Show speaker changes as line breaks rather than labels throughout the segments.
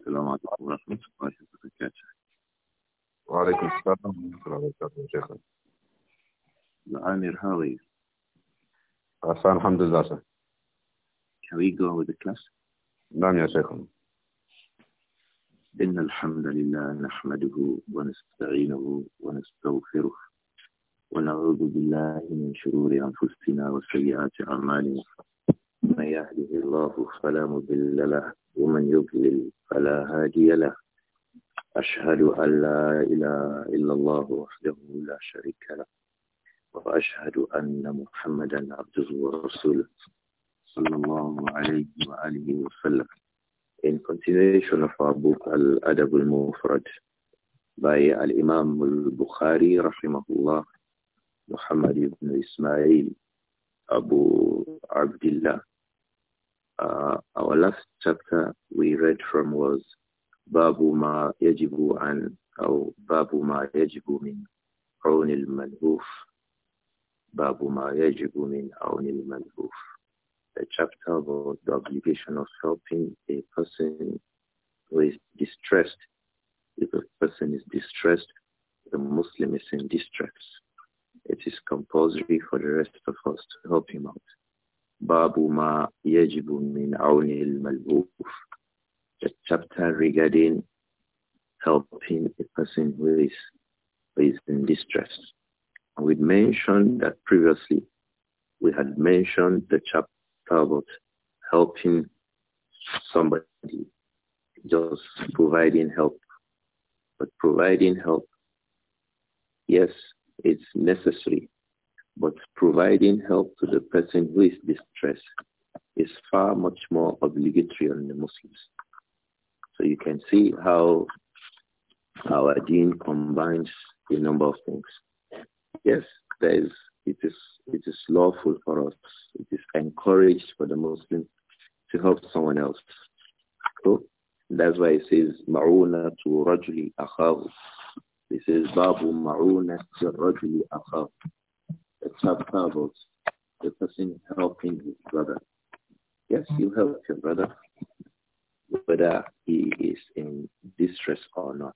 السلام عليكم ورحمة الله وبركاته وعليكم السلام ورحمة الله وبركاته شيخنا عامر how are الحمد لله Can we go with the class? نعم يا شيخنا إن الحمد لله نحمده ونستعينه ونستغفره ونعوذ بالله من شرور أنفسنا وسيئات أعمالنا من يهده الله فلا مضل له ومن يضلل فلا هادي له أشهد أن لا إله إلا الله وحده لا شريك له وأشهد أن محمدا عبده ورسوله صلى الله عليه وآله وسلم In continuation of our book Al-Adab al-Mufrad by Al-Imam al-Bukhari rahimahullah Muhammad ibn Ismail Abu Abdullah Uh, our last chapter we read from was Babu ma yajibu and or Babu ma yajibu min Aunil manhuf. Babu ma yajibu min The chapter about the obligation of helping a person who is distressed. If a person is distressed, the Muslim is in distress. It is compulsory for the rest of us to help him out. The chapter regarding helping a person who is, who is in distress. we mentioned that previously. We had mentioned the chapter about helping somebody, just providing help. But providing help, yes, it's necessary but providing help to the person who is distressed is far much more obligatory on the Muslims. So you can see how our deen combines a number of things. Yes, there is it is it is lawful for us. It is encouraged for the Muslim to help someone else. So that's why it says Mauna to Rajuli Akhaw. This is Babu Mauna to Rajuli Akhaw a chapter about the person helping his brother. Yes, you mm-hmm. help your brother, whether he is in distress or not.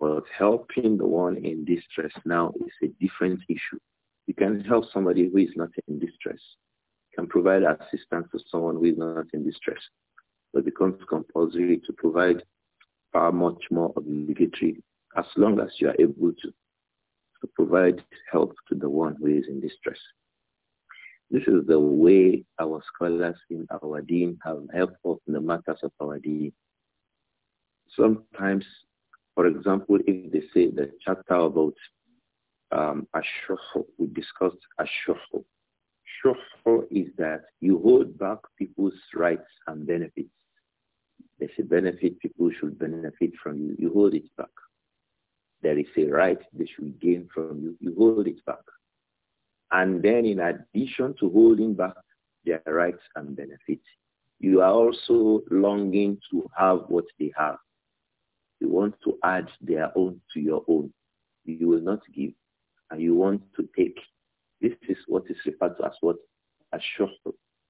But helping the one in distress now is a different issue. You can help somebody who is not in distress. You can provide assistance to someone who is not in distress. But it becomes compulsory to provide far much more obligatory as long as you are able to to provide help to the one who is in distress. This is the way our scholars in our deen have helped us in the matters of our deen. Sometimes, for example, if they say the chapter about um, ashuhu, we discussed ashuhu. Shuhu is that you hold back people's rights and benefits. They should benefit, people should benefit from you. You hold it back there is a right they should gain from you, you hold it back. And then in addition to holding back their rights and benefits, you are also longing to have what they have. You want to add their own to your own. You will not give and you want to take. This is what is referred to as what? Ashur.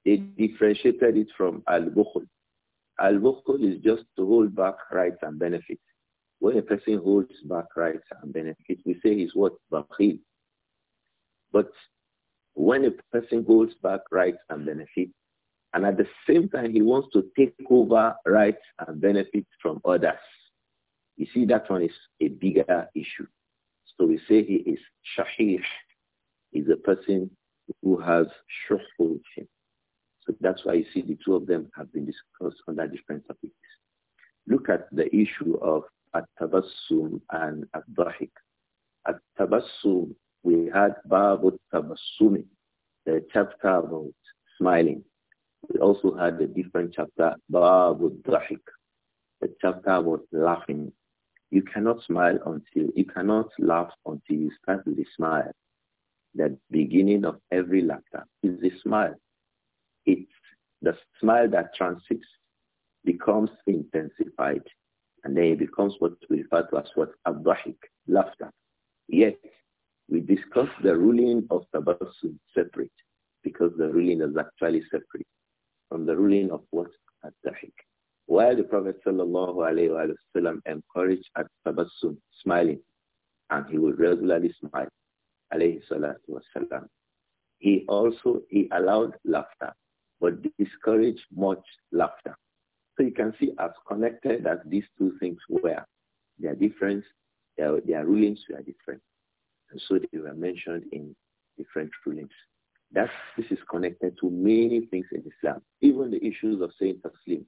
They differentiated it from al-bukhl. Al-bukhl is just to hold back rights and benefits when a person holds back rights and benefits, we say he's what? Bakhil. But when a person holds back rights and benefits, and at the same time he wants to take over rights and benefits from others, you see that one is a bigger issue. So we say he is shahir, is a person who has shuhul So that's why you see the two of them have been discussed under different topics. Look at the issue of at-Tabassum and at dahik At-Tabassum, we had Babu Tabassumi, the chapter about smiling. We also had a different chapter, Babu Dahik, the chapter about laughing. You cannot smile until, you cannot laugh until you start with a smile. The beginning of every laughter is a smile. It's the smile that transits becomes intensified and then it becomes what we refer to as what abdahik, laughter. Yet, we discuss the ruling of tabasum separate because the ruling is actually separate from the ruling of what? abdahik. While the Prophet sallallahu wasallam encouraged at smiling, and he would regularly smile, alayhi salatu wasallam, he also, he allowed laughter, but discouraged much laughter. So you can see as connected as these two things were. Their difference, their, their rulings were different. And so they were mentioned in different rulings. That this is connected to many things in Islam, even the issues of saying Taslim.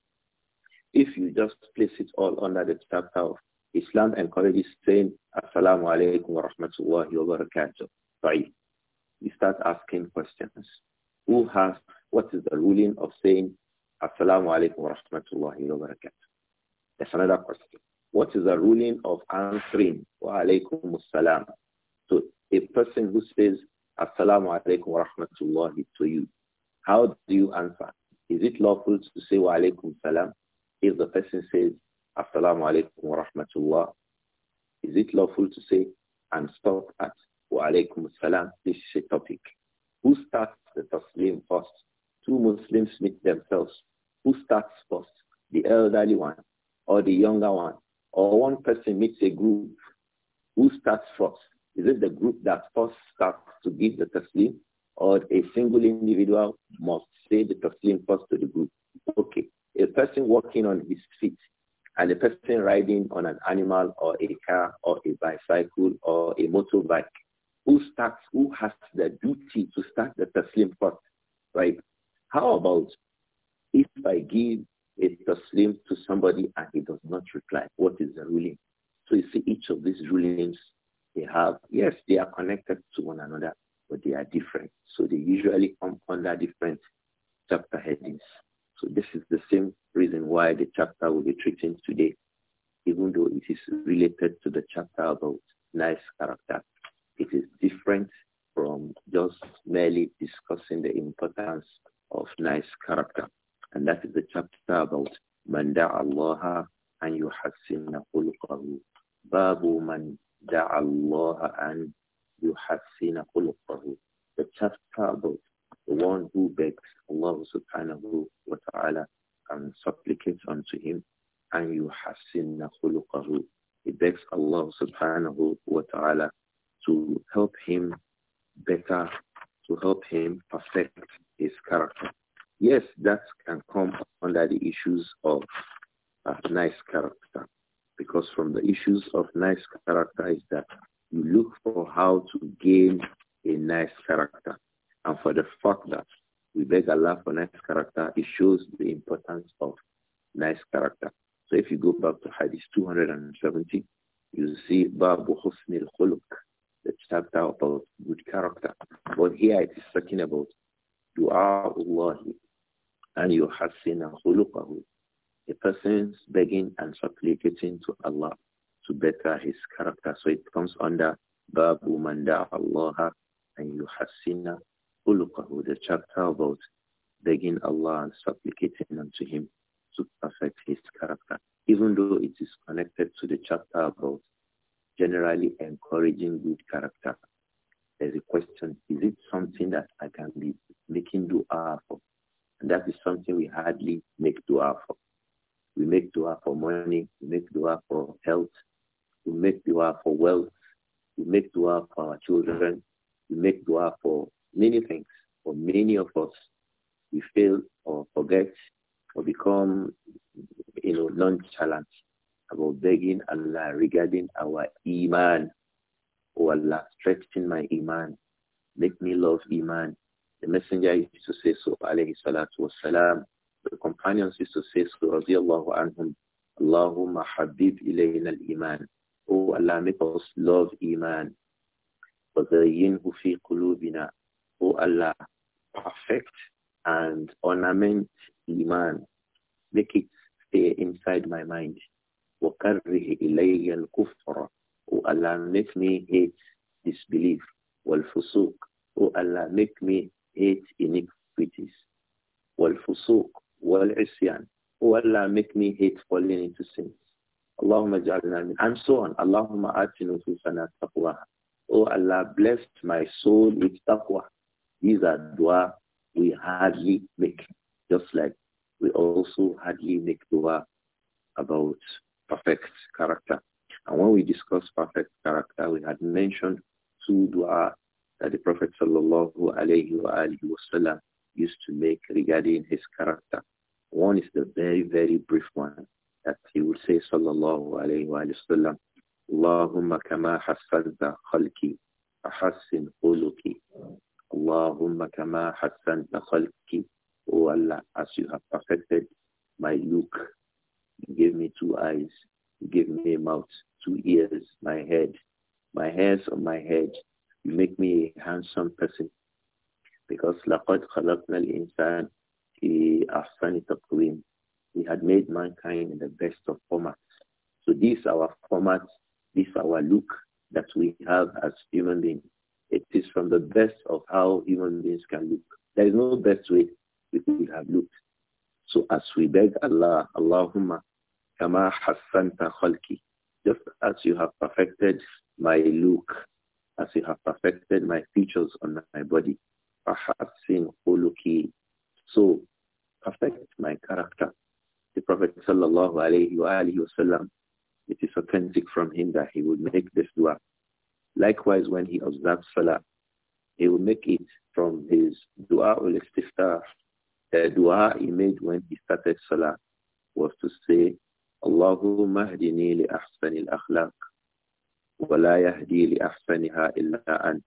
If you just place it all under the chapter of Islam encourages saying Assalamu alaikum wa rahmatullahi wa barakatuh. Right. You start asking questions. Who has, what is the ruling of saying Assalamu alaikum wa rahmatullahi wa barakatuh. That's another question. What is the ruling of answering wa alaikum assalam to a person who says assalamu alaikum wa rahmatullahi to you? How do you answer? Is it lawful to say wa alaikum salam if the person says assalamu alaikum wa rahmatullah? Is it lawful to say and stop at wa alaikum salam? This is a topic. Who starts the taslim first? two Muslims meet themselves. Who starts first? The elderly one or the younger one? Or one person meets a group. Who starts first? Is it the group that first starts to give the taslim or a single individual must say the taslim first to the group? Okay. A person walking on his feet and a person riding on an animal or a car or a bicycle or a motorbike. Who starts, who has the duty to start the taslim first, right? How about if I give a taslim to somebody and he does not reply? What is the ruling? So you see each of these rulings they have, yes, they are connected to one another, but they are different. So they usually come under different chapter headings. So this is the same reason why the chapter we'll be treating today, even though it is related to the chapter about nice character, it is different from just merely discussing the importance of nice character. And that is the chapter about من دعا الله أن يحسن خلقه باب من دعا الله أن يحسن خلقه The chapter about the one who begs Allah subhanahu wa ta'ala and supplicates unto him and you have seen He begs Allah subhanahu wa ta'ala to help him better, to help him perfect his character. Yes, that can come under the issues of uh, nice character. Because from the issues of nice character is that you look for how to gain a nice character. And for the fact that we beg Allah for nice character, it shows the importance of nice character. So if you go back to Hadith 270, you see Babu Husnil Khuluk, the chapter about good character. But here it is talking about دعاء الله أن يحسن خلقه a person's begging and supplicating to Allah to better his character. So it comes under Babu Manda Allah and Yuhasina Ulukahu, the chapter about begging Allah and supplicating unto him to perfect his character. Even though it is connected to the chapter about generally encouraging good character, there's a question, is it something that I can be making dua for? And that is something we hardly make dua for. We make dua for money, we make dua for health, we make dua for wealth, we make dua for our children, we make dua for many things. For many of us, we fail or forget or become, you know, nonchalant about begging Allah regarding our iman O oh Allah, strengthen my iman. Make me love iman. The messenger used to say so, alayhi salatu wasalam. The companions used to say so, radiallahu anhum. Allahumma habib ilayna al-iman. O oh Allah, make us love iman. وَذَيِّنْهُ فِي قُلُوبِنَا O oh Allah, perfect and ornament iman. Make it stay inside my mind. وَكَرِّهِ إِلَيَّ الْكُفْرَ O oh Allah, make me hate disbelief. wal O oh Allah, make me hate iniquities. Wal-fusuq. Wal-isyan. O oh Allah, make me hate falling into sins. Allahumma ja'alna min. And so on. Allahumma atinu fusana taqwa. O oh Allah, bless my soul with taqwa. These are dua we hardly make. Just like we also hardly make dua about perfect character. And when we discussed perfect character, we had mentioned two dua that the Prophet sallallahu alayhi wa used to make regarding his character. One is the very, very brief one that he would say sallallahu alayhi wa sallam, Allahumma kama hassanta khalki, ahassin khuluki. Allahumma kama hassanta khalki. O Allah, as you have perfected my look, you gave me two eyes, you gave me a mouth, two ears, my head, my hairs on my head. You make me a handsome person. Because لَقَدْ خَلَقْنَا الْإِنسَانِ فِي أَحْسَنِ تَقْوِيمٍ We had made mankind in the best of formats. So this our formats, this our look that we have as human beings. It is from the best of how human beings can look. There is no best way we could have looked. So as we beg Allah, Allahumma, kama hassanta khalki, just as you have perfected my look, as you have perfected my features on my body. Ahadsin Uluki. So perfect my character. The Prophet sallallahu alayhi wa alayhi wasallam, it is authentic from him that he would make this dua. Likewise, when he observes salah, he will make it from his dua ul-istiftah. The dua he made when he started salah was to say, اللهم اهدني لأحسن الأخلاق ولا يهدي لأحسنها إلا أنت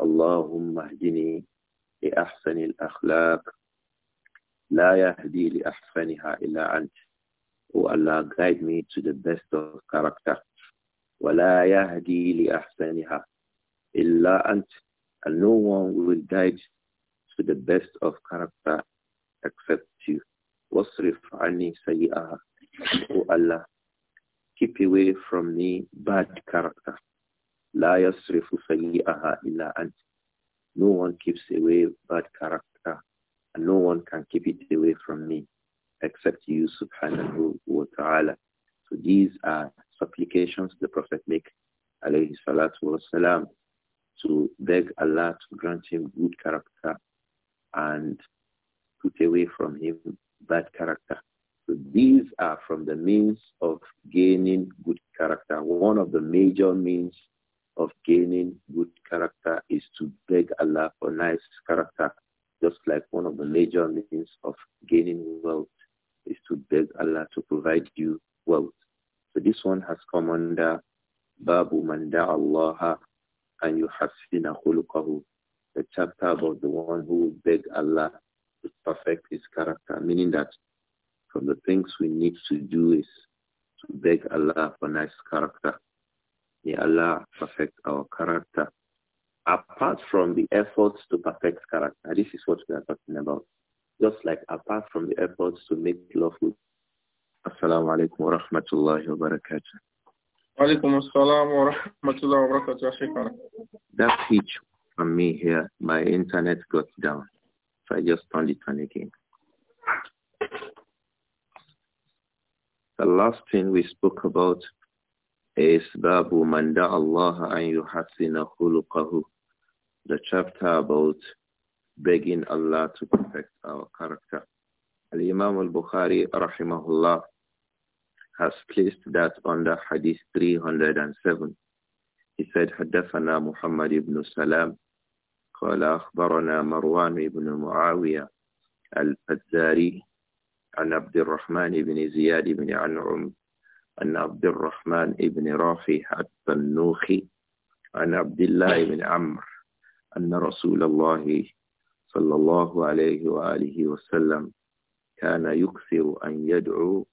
اللهم اهدني لأحسن الأخلاق لا يهدي لأحسنها إلا أنت O Allah, guide me to the best of character. ولا يهدي لأحسنها إلا أنت And no one will guide to the best of character except you. واصرف عني سيئها O Allah, keep away from me bad character. La yasrifu sayyi'aha illa ant. No one keeps away bad character, and no one can keep it away from me except you, subhanahu wa ta'ala. So these are supplications the Prophet makes, alayhi salatu to beg Allah to grant him good character and put away from him bad character. So these are from the means of gaining good character. One of the major means of gaining good character is to beg Allah for nice character, just like one of the major means of gaining wealth is to beg Allah to provide you wealth. So this one has come under Babu Manda Allah and you have seen khuluqahu, the chapter about the one who will beg Allah to perfect his character, meaning that from the things we need to do is to beg Allah for nice character. May Allah perfect our character. Apart from the efforts to perfect character, this is what we are talking about. Just like apart from the efforts to make love with Assalamu alaikum wa rahmatullahi wa barakatuh. Alaikum assalam wa rahmatullahi wa barakatuh. That from me here, my internet got down. So I just turned it on again. The last thing we spoke about is Babu Manda Allah an yuhasina The chapter about begging Allah to perfect our character. Al-Imam al-Bukhari rahimahullah has placed that under Hadith 307. He said, حدثنا محمد بن سلام قال أخبرنا مروان بن معاوية الفزاري عن عبد الرحمن بن زياد بن عنعم عن عبد الرحمن بن رافع التنوخي عن عبد الله بن عمرو أن رسول الله صلى الله عليه وآله وسلم كان يكثر أن يدعو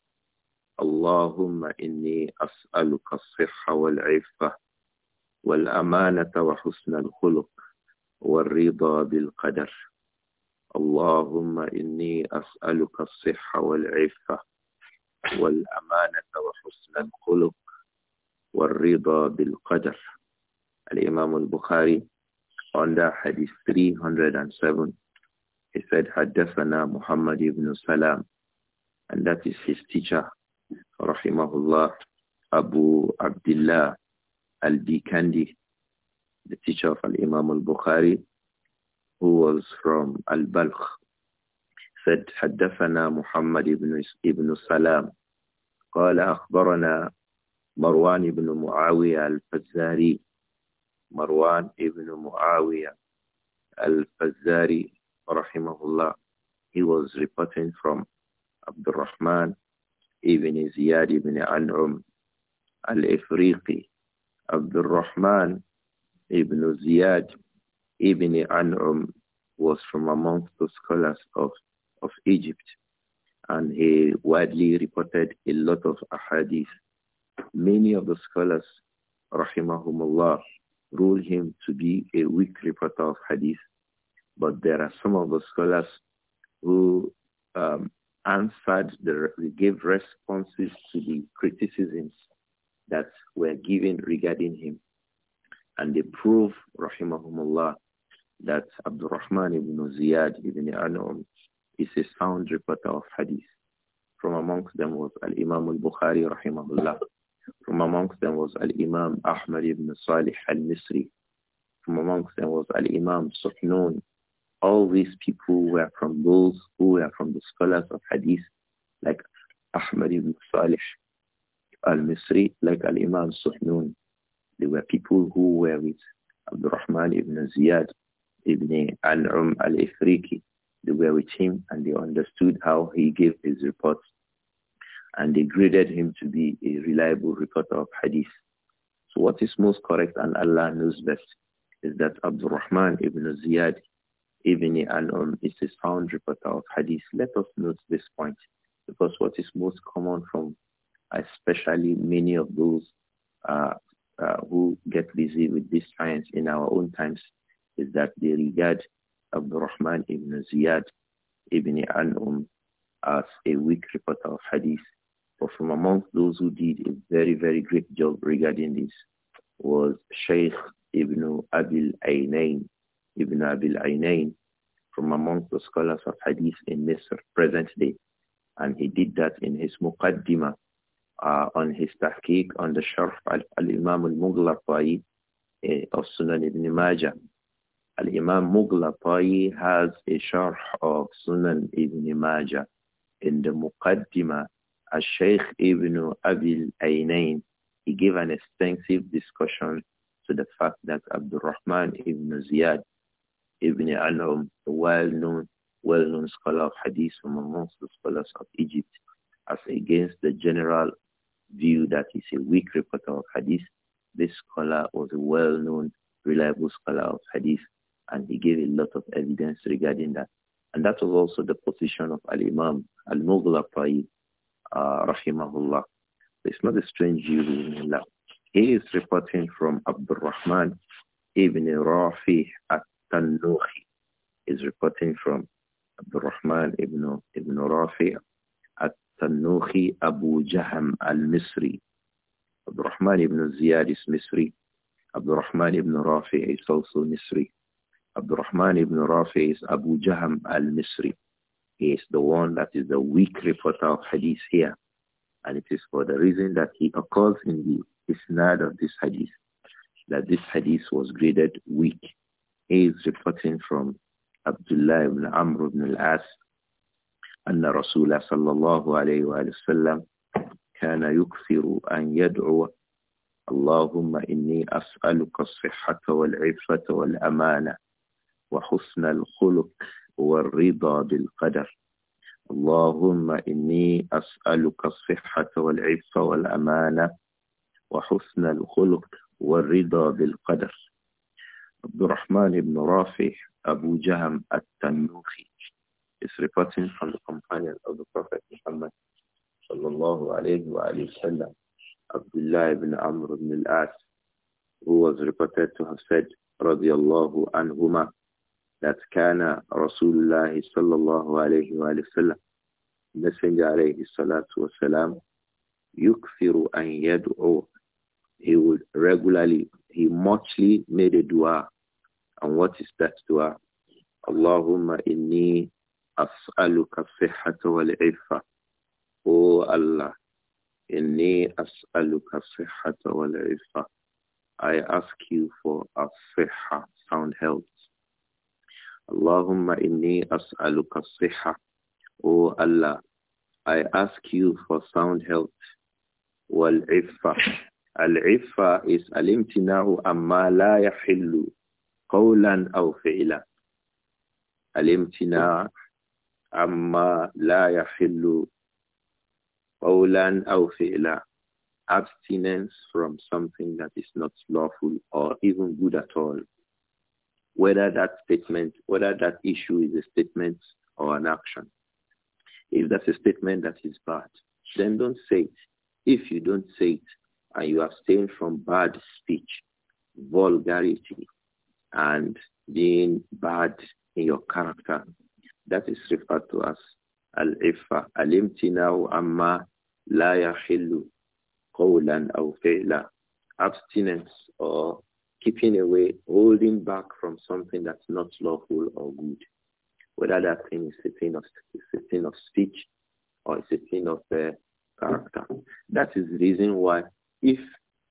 اللهم إني أسألك الصحة والعفة والأمانة وحسن الخلق والرضا بالقدر اللهم إني أسألك الصحة والعفة والأمانة وحسن الخلق والرضا بالقدر الإمام البخاري the hadith 307 he said حدثنا محمد ibn Salam and that is his teacher رحمه الله Abu عبد al البيكندي the teacher of al البخاري bukhari who was from Al-Balkh, said, حَدَّفَنَا Muhammad ibn, ibn Salam. قَالَ أَخْبَرَنَا مَرْوَانِ ibn Muawiyah al-Fazzari. Marwan ibn Muawiyah al-Fazzari, rahimahullah. He was reporting from Abdurrahman ibn Ziyad ibn Al-Um al-Ifriqi. Abdurrahman ibn Ziyad Ibn An'um was from amongst the scholars of, of Egypt and he widely reported a lot of ahadith. Many of the scholars, rahimahumullah, rule him to be a weak reporter of hadith, but there are some of the scholars who um, answered, the, gave responses to the criticisms that were given regarding him. And they prove, rahimahumullah, that Abdurrahman ibn Ziyad ibn Anum is a sound reporter of hadith. From amongst them was Al-Imam al-Bukhari rahimahullah. From amongst them was Al-Imam Ahmad ibn Salih al-Misri. From amongst them was Al-Imam Sufnun. All these people were from those who were from the scholars of hadith like Ahmad ibn Salih al-Misri, like Al-Imam Sufnun. They were people who were with Abdurrahman ibn Ziyad ibn al-Um al-Ifriqi. They were with him and they understood how he gave his reports and they graded him to be a reliable reporter of hadith. So what is most correct and Allah knows best is that Rahman ibn Ziyad ibn al-Um is his found reporter of hadith. Let us note this point because what is most common from especially many of those uh, uh, who get busy with these science in our own times is that they regard Abdurrahman ibn Ziyad ibn An'um as a weak reporter of hadith. But from amongst those who did a very, very great job regarding this was Sheikh ibn Abil Ainain, ibn Abil Ainain, from amongst the scholars of hadith in this present day. And he did that in his Muqaddimah uh, on his tahqiq on the Sharf al-Imam al-Mughlaqai uh, of Sunan ibn Majah. Al-Imam Mughlaqai has a sharh of Sunan Ibn Majah in the Muqaddimah Al-Shaykh Ibn Abil Ainain. He gave an extensive discussion to the fact that Abdurrahman Ibn Ziyad Ibn Anum, a well-known well-known scholar of hadith from amongst the scholars of Egypt, as against the general view that he's a weak reporter of hadith, this scholar was a well-known, reliable scholar of hadith and he gave a lot of evidence regarding that. And that was also the position of Al-Imam Al-Mughla Tayyib, uh, rahimahullah. It's not a strange view He is reporting from Abdurrahman ibn Rafi at-Tannuhi. He's reporting from Abdurrahman ibn, ibn Rafi at Tanuhi Abu Jaham al-Misri. Abdurrahman ibn Ziyad is Misri. Abdurrahman ibn Rafi is also Misri. Abdurrahman ibn Rafi is Abu Jaham al-Misri. He is the one that is the weak reporter of hadith here. And it is for the reason that he occurs in the isnad of this hadith, that this hadith was graded weak. He is reporting from Abdullah ibn Amr ibn al-As, أن رسول صلى الله عليه وآله وسلم كان يكثر أن يدعو اللهم إني أسألك الصحة والعفة والأمانة وحسن الخلق والرضا بالقدر اللهم إني أسألك الصحة والعفة والأمانة وحسن الخلق والرضا بالقدر عبد الرحمن بن رافع أبو جهم التنوخي is reporting from the companion of the Prophet Muhammad sallallahu alayhi wa sallam, Abdullah ibn Amr ibn al-As, who was reported to have said, radiyallahu anhuma, that kana Rasulullah sallallahu alayhi wa sallam, Messenger alayhi salatu wasalam, yukfiru an yad'u. He would regularly, he muchly made a dua. And what is that dua? Allahumma inni as'aluka sihhata wal ifa. Oh Allah, inni as'aluka sihhata wal ifa. I ask you for a sihha, sound health Allahumma inni as'aluka siha. O Allah, I ask you for sound health. Wal iffa. Al iffa is al imtina'u amma la yahillu qawlan aw fi'la. Al imtina' amma la yahillu qawlan aw fi'la. Abstinence from something that is not lawful or even good at all whether that statement, whether that issue is a statement or an action. If that's a statement that is bad, then don't say it. If you don't say it and you abstain from bad speech, vulgarity, and being bad in your character, that is referred to as al-ifa, al-imtina'u amma la yahillu qawlan aw fi'la, abstinence or keeping away, holding back from something that's not lawful or good, whether that thing is a thing of, a thing of speech or it's a thing of uh, character. That is the reason why if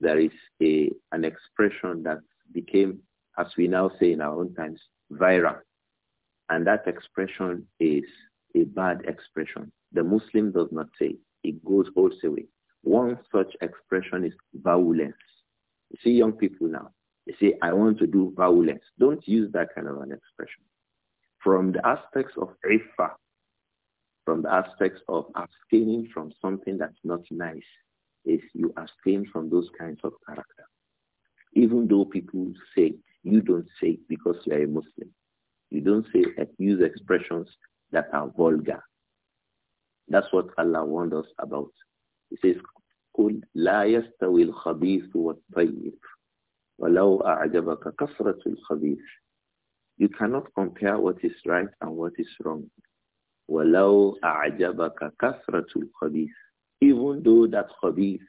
there is a, an expression that became, as we now say in our own times, viral, and that expression is a bad expression, the Muslim does not say. It goes way. One such expression is violence. You see young people now, you say, I want to do violence. Don't use that kind of an expression. From the aspects of ifa, from the aspects of abstaining from something that's not nice, is you abstain from those kinds of character. Even though people say you don't say it because you are a Muslim. You don't say use expressions that are vulgar. That's what Allah warned us about. He says, وَلَوْ أَعْجَبَكَ كَثْرَةُ الْخَبِيثِ You cannot compare what is right and what is wrong. وَلَوْ أَعْجَبَكَ كَثْرَةُ الْخَبِيثِ Even though that khabith,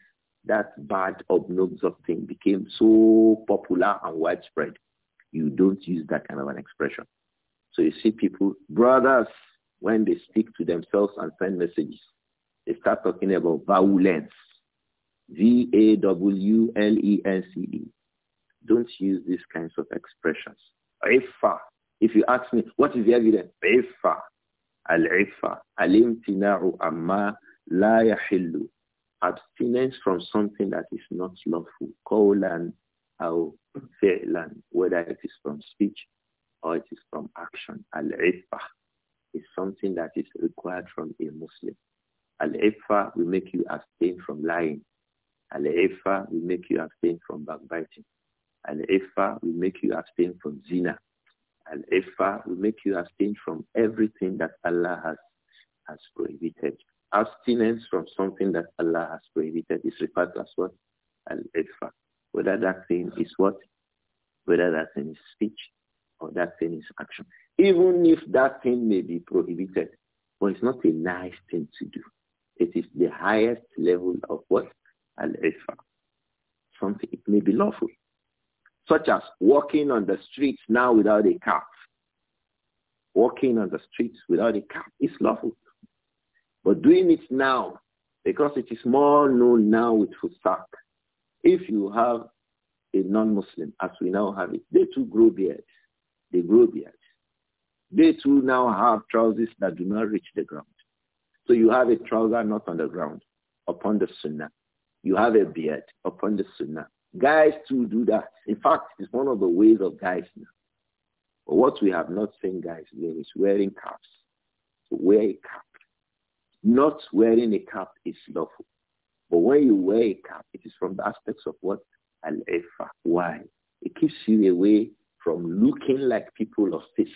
that bad, obnoxious thing became so popular and widespread, you don't use that kind of an expression. So you see people, brothers, when they speak to themselves and send messages, they start talking about violence. V-A-W-L-E-N-C-E. Don't use these kinds of expressions. Ifa. If you ask me, what is the evidence? Ifa. Al-ifa. Al-imtina'u amma la yahillu. Abstinence from something that is not lawful. Qawlan aw fi'lan. Whether it is from speech or it is from action. Al-ifa is something that is required from a Muslim. Al-ifa will make you abstain from lying. Al-ifa will make you abstain from backbiting. And ifa will make you abstain from zina. And ifa will make you abstain from everything that Allah has, has prohibited. Abstinence from something that Allah has prohibited is referred to as what? Al-Ifa. Whether that thing is what? Whether that thing is speech or that thing is action. Even if that thing may be prohibited, but it's not a nice thing to do. It is the highest level of what? Al-Ifa. Something, it may be lawful, such as walking on the streets now without a cap. Walking on the streets without a cap is lawful. But doing it now, because it is more known now with Fusak, if you have a non-Muslim, as we now have it, they too grow beards. They grow beards. They too now have trousers that do not reach the ground. So you have a trouser not on the ground, upon the sunnah. You have a beard upon the sunnah. Guys too do that. In fact, it's one of the ways of guys now. But what we have not seen guys doing is wearing caps. So wear a cap. Not wearing a cap is lawful. But when you wear a cap, it is from the aspects of what? Al-Ifa. Why? It keeps you away from looking like people of fisk.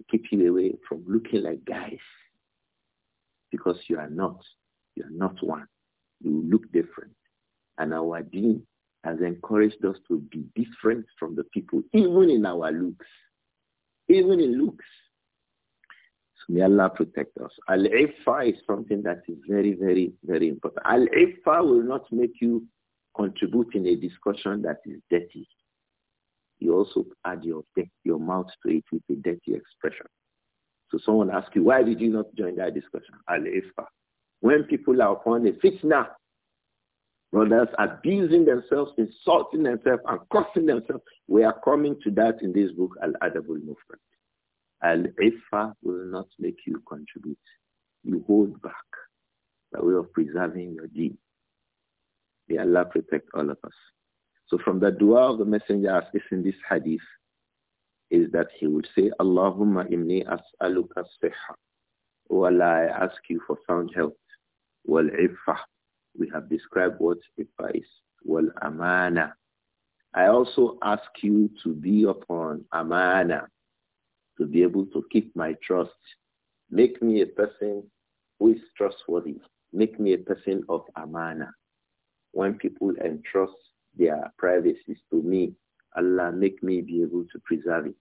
It keeps you away from looking like guys. Because you are not. You are not one. You look different. And our deen has encouraged us to be different from the people, even in our looks. Even in looks. So may Allah protect us. Al-Ifa is something that is very, very, very important. Al-Ifa will not make you contribute in a discussion that is dirty. You also add your, your mouth to it with a dirty expression. So someone asks you, why did you not join that discussion? Al-Ifa. When people are upon a fitna, brothers abusing themselves, insulting themselves, and cursing themselves. We are coming to that in this book, Al-Adabul Mufrad. Al-Ifa will not make you contribute. You hold back by way of preserving your deed. May Allah protect all of us. So from the dua of the messenger as in this hadith is that he would say, Allahumma inni as'aluka siha. Oh Allah, I ask you for sound health. Wal-ifa we have described what ifa is. Well, amana. I also ask you to be upon amana, to be able to keep my trust. Make me a person who is trustworthy. Make me a person of amana. When people entrust their privacies to me, Allah make me be able to preserve it.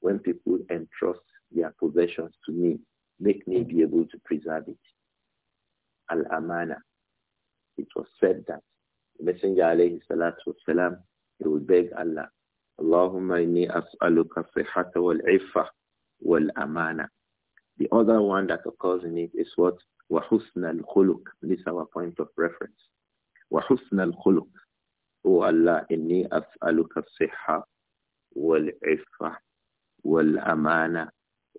When people entrust their possessions to me, make me be able to preserve it. Al-amana it was said that the Messenger alayhi salatu wasalam, he would beg Allah, Allahumma inni as'aluka sihata wal ifa wal amana. The other one that occurs in it is what? al الْخُلُقِ This is our point of reference. al الْخُلُقِ O Allah, wal ifa wal-amana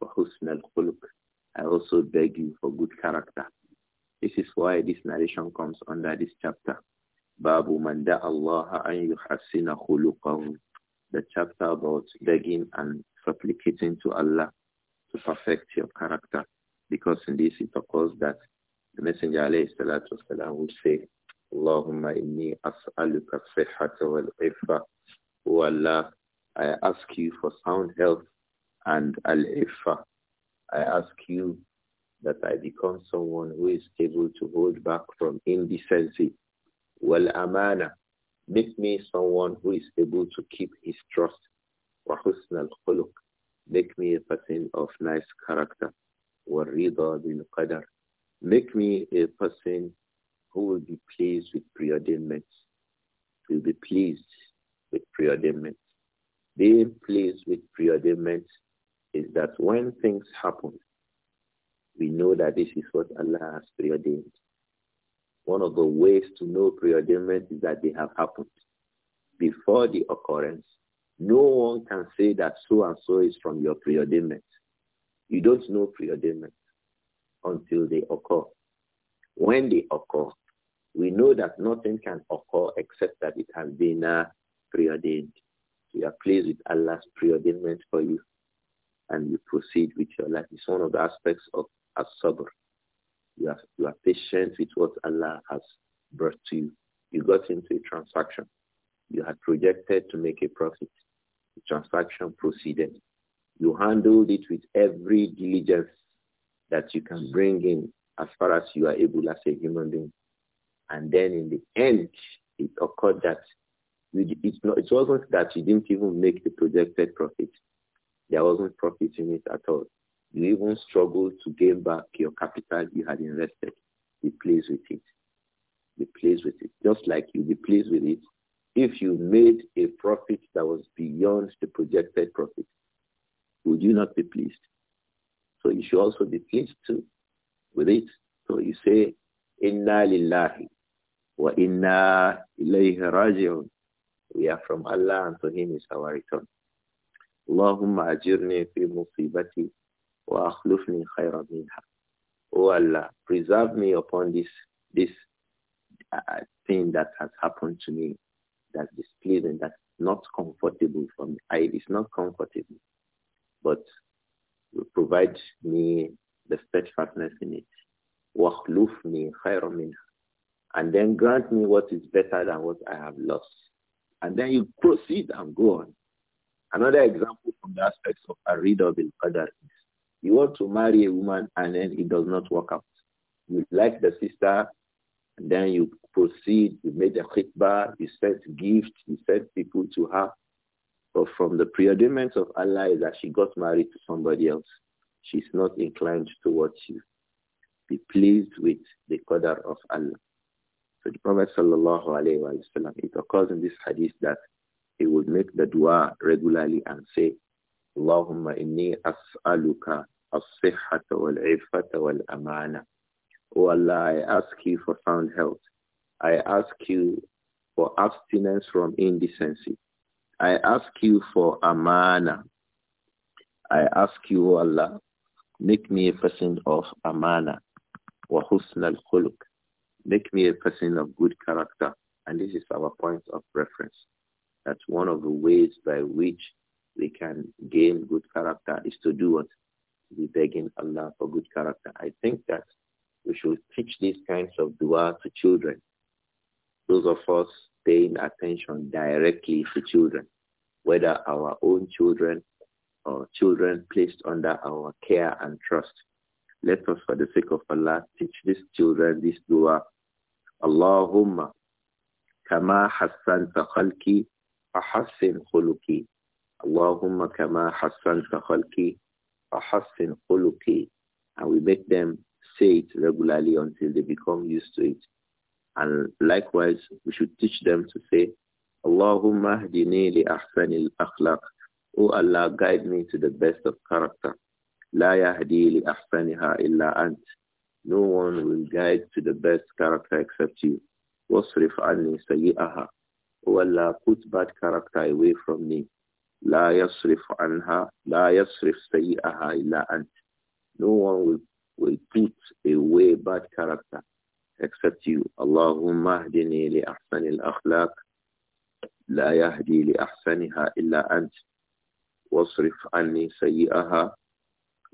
wa-husna al الْخُلُقِ I also beg you for good character this is why this narration comes under this chapter. Babu Manda Allah an yuhassina khuluqahu. The chapter about begging and supplicating to Allah to perfect your character. Because in this it occurs that the Messenger alayhi salatu wasalam will say, Allahumma inni as'aluka sihhata wal ifa. O Allah, I ask you for sound health and al ifa. I ask you that I become someone who is able to hold back from indecency. Well, amana, make me someone who is able to keep his trust. وحسن الخلق, make me a person of nice character. والرضا بالقدر, make me a person who will be pleased with preordainment. Will be pleased with preordainment. Being pleased with preordainment is that when things happen, we know that this is what Allah has preordained. One of the ways to know preordainment is that they have happened. Before the occurrence, no one can say that so and so is from your preordainment. You don't know preordainment until they occur. When they occur, we know that nothing can occur except that it has been uh, preordained. So you are pleased with Allah's preordainment for you and you proceed with your life. It's one of the aspects of as sober, You are, you are patient with what Allah has brought to you. You got into a transaction. You had projected to make a profit. The transaction proceeded. You handled it with every diligence that you can bring in as far as you are able as a human being. And then in the end, it occurred that it's not, it wasn't that you didn't even make the projected profit. There wasn't profit in it at all. You even struggle to gain back your capital you had invested. Be pleased with it. Be pleased with it. Just like you be pleased with it if you made a profit that was beyond the projected profit. Would you not be pleased? So you should also be pleased too with it. So you say, Inna lillahi wa inna ilayhi raji'un. We are from Allah and to him is our return. Allahumma أجرني fi مصيبتي Oh Allah, preserve me upon this this uh, thing that has happened to me that's displeasing, that's not comfortable for me. I, it's not comfortable, but provide me the steadfastness in it. وَخْلُفْنِي خَيْرًا And then grant me what is better than what I have lost. And then you proceed and go on. Another example from the aspects of Arida bil Qadar is you want to marry a woman and then it does not work out. You like the sister, and then you proceed, you make a khitbah, you send gifts, you send people to her. But from the preordainment of Allah is that she got married to somebody else. She's not inclined towards you. Be pleased with the qadar of Allah. So the Prophet sallallahu alayhi wa sallam, it occurs in this hadith that he would make the dua regularly and say, اللهم إني أسألك الصحة والعفة والأمانة O Allah, I ask you for sound health. I ask you for abstinence from indecency. I ask you for amana. I ask you, O Allah, make me a person of amana wa husn al Make me a person of good character. And this is our point of reference. That's one of the ways by which we can gain good character is to do what? Be begging Allah for good character. I think that we should teach these kinds of dua to children. Those of us paying attention directly to children, whether our own children or children placed under our care and trust. Let us, for the sake of Allah, teach these children this dua. Allahumma kama hassanta khalki ahassin khuluki. Allahumma kama حسنت khalki فحسن khuluki, and we make them say it regularly until they become used to it. And likewise, we should teach them to say, Allahumma hdini li al akhlaq. O Allah, guide me to the best of character. La yahdi li ahsaniha illa ant. No one will guide to the best character except you. Wasrif anni sayyi'aha. O Allah, put bad character away from me. لا يصرف عنها لا يصرف سيئها إلا أنت no one will, will put away bad character except you اللهم اهدني لأحسن الأخلاق لا يهدي لأحسنها إلا أنت واصرف عني سيئها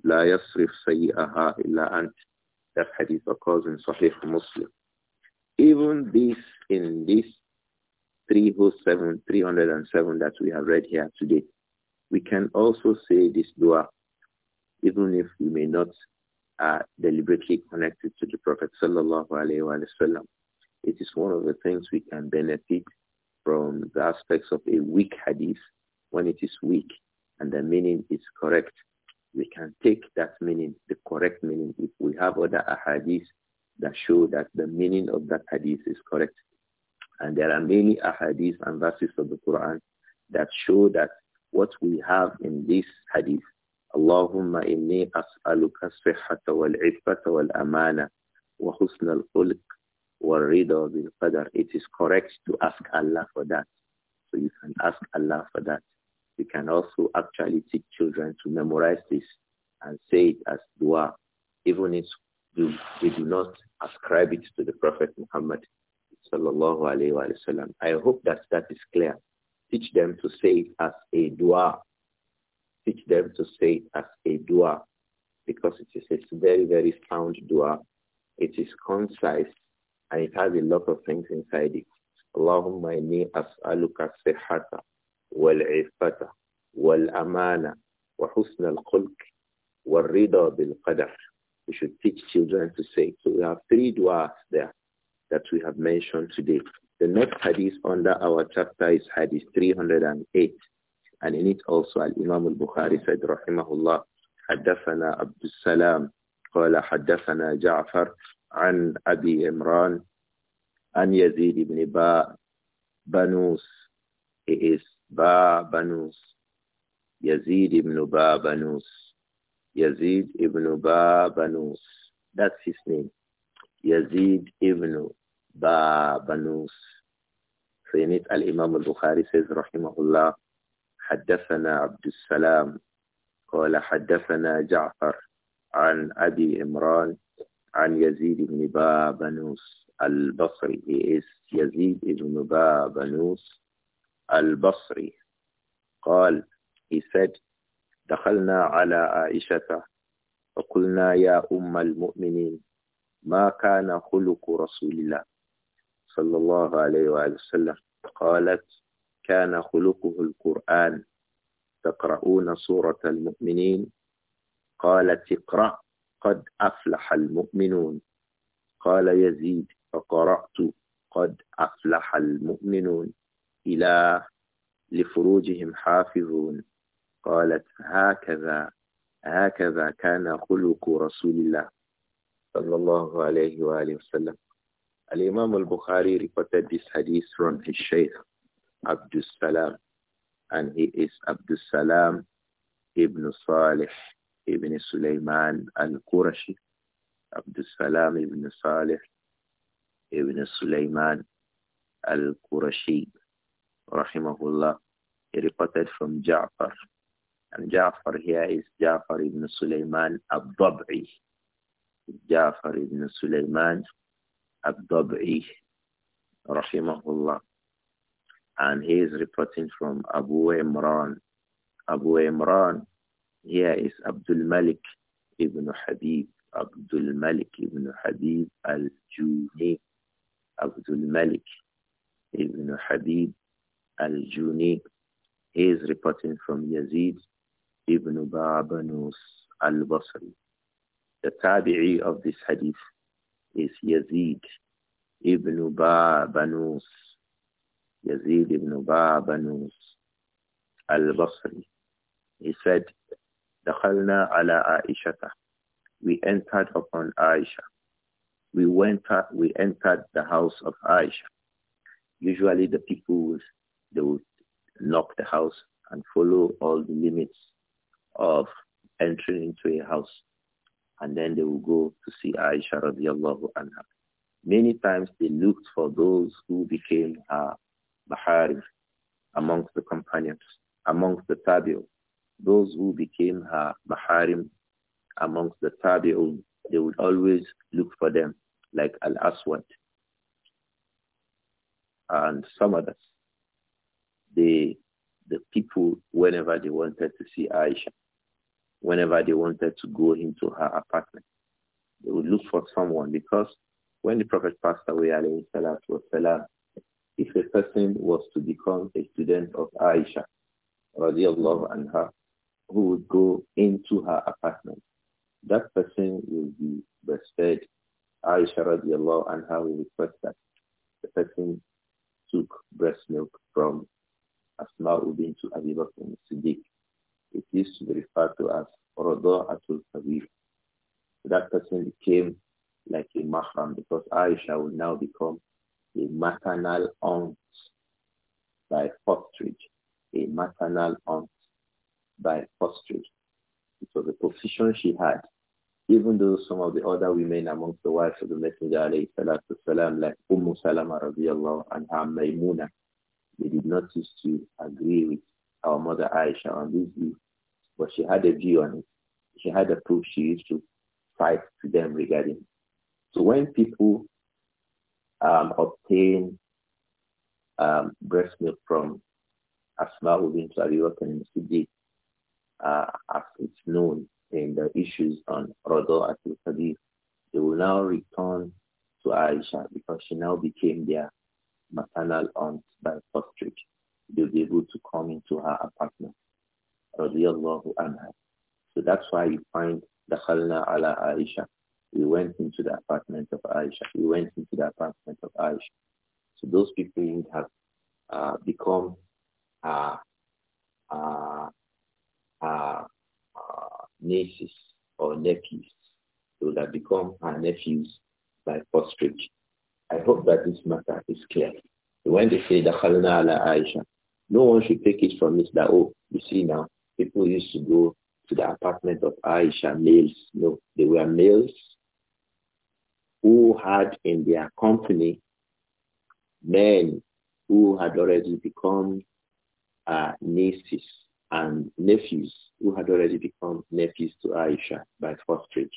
لا يصرف سيئها إلا أنت That hadith صحيح مسلم Sahih Muslim. Even this in this 307, 307 that we have read here today. We can also say this dua even if we may not uh, deliberately connect it to the Prophet sallallahu alaihi wasallam. It is one of the things we can benefit from the aspects of a weak hadith when it is weak and the meaning is correct. We can take that meaning, the correct meaning, if we have other hadiths that show that the meaning of that hadith is correct and there are many ahadith and verses of the Quran that show that what we have in this hadith, Allahumma inni as'aluka sihhata wal ifata wal amana wa husna al khulq wal rida bil qadar. It is correct to ask Allah for that. So you can ask Allah for that. You can also actually teach children to memorize this and say it as dua, even if they do not ascribe it to the Prophet Muhammad sallallahu alayhi wa sallam. I hope that that is clear. Teach them to say it as a dua. Teach them to say it as a dua because it is a very, very sound dua. It is concise and it has a lot of things inside it. Allahumma inni as'aluka sihata wal ifata wal amana wa husn al khulq wal rida bil qadar. We should teach children to say. So we have three duas there that we have mentioned today. The next hadith under our chapter is hadith 308. And in it also imam al-Bukhari said, Rahimahullah, حدثنا عبد السلام قال حدثنا جعفر عن أبي إمران عن يزيد بن با بنوس It is با بنوس Yazid ibn Ba Banus. Yazid ibn Ba Banus. That's his name. Yazid ibn بابنوس So الإمام البخاري Al-Imam al حدثنا عبد السلام قال حدثنا جعفر عن أبي إمران عن يزيد بن بابنوس البصري يزيد بن بابنوس البصري قال He said دخلنا على عائشة فقلنا يا أم المؤمنين ما كان خلق رسول الله صلى الله عليه وآله وسلم قالت كان خلقه القرآن تقرؤون سورة المؤمنين قالت اقرأ قد أفلح المؤمنون قال يزيد فقرأت قد أفلح المؤمنون إلى لفروجهم حافظون قالت هكذا هكذا كان خلق رسول الله صلى الله عليه وآله وسلم Al-Imam al-Bukhari reported this hadith from his Shaykh, And he is عبد السلام ibn صالح ibn سليمان al-Qurashi. السلام ابن ibn ابن ibn القرشي al-Qurashi. Rahimahullah. He reported from Ja'far. And Ja'far here is Ja'far ibn سليمان al-Dab'i. Ja'far ibn Abdabi, rahimahullah. And he is reporting from Abu Imran. Abu Imran, here is Abdul Malik ibn Habib. Abdul Malik ibn Habib al-Juni. Abdul Malik ibn Habib al-Juni. He is reporting from Yazid ibn Babanus al-Basri. The tabi'i of this hadith is Yazid ibn Babanus. Yazid ibn Babanus al-Basri. He said, We entered upon Aisha. We went, we entered the house of Aisha. Usually the people, they would knock the house and follow all the limits of entering into a house and then they will go to see Aisha radiallahu anha. Many times they looked for those who became uh, Baharif amongst the companions, amongst the Tabi'un. Those who became her Baharim amongst the Tabi'un, they would always look for them, like Al-Aswad and some others. They, the people, whenever they wanted to see Aisha, whenever they wanted to go into her apartment. They would look for someone because when the Prophet passed away, والسلام, if a person was to become a student of Aisha, radiallahu anha, who would go into her apartment, that person will be breastfed. Aisha radiallahu anha will request that the person took breast milk from Asma Ubin to Abi Bakr Siddiq it used to be referred to as Rodo Atul Sabir. That person became like a mahram because Aisha will now become a maternal aunt by fosterage, a maternal aunt by fosterage. It was a position she had, even though some of the other women amongst the wives of the Messenger, والسلام, like Umm Salama radiallahu anha, Maimuna, they did not used to agree with our mother Aisha on this view but she had a view on it. She had a proof she used to fight to them regarding. So when people um, obtain um, breast milk from Asma Ubin Tariwak and Siddiq, uh, as it's known in the issues on Rodo Atul they will now return to Aisha because she now became their maternal aunt by fostering. They'll be able to come into her apartment radiallahu anha. So that's why you find the dakhalna ala Aisha. We went into the apartment of Aisha. We went into the apartment of Aisha. So those people have uh, become uh, uh, uh, uh, nieces or nephews. They have become her nephews by posterity. I hope that this matter is clear. When they say the dakhalna ala Aisha, no one should take it from this that, oh, you see now, people used to go to the apartment of Aisha males. No, they were males who had in their company men who had already become uh, nieces and nephews who had already become nephews to Aisha by fosterage.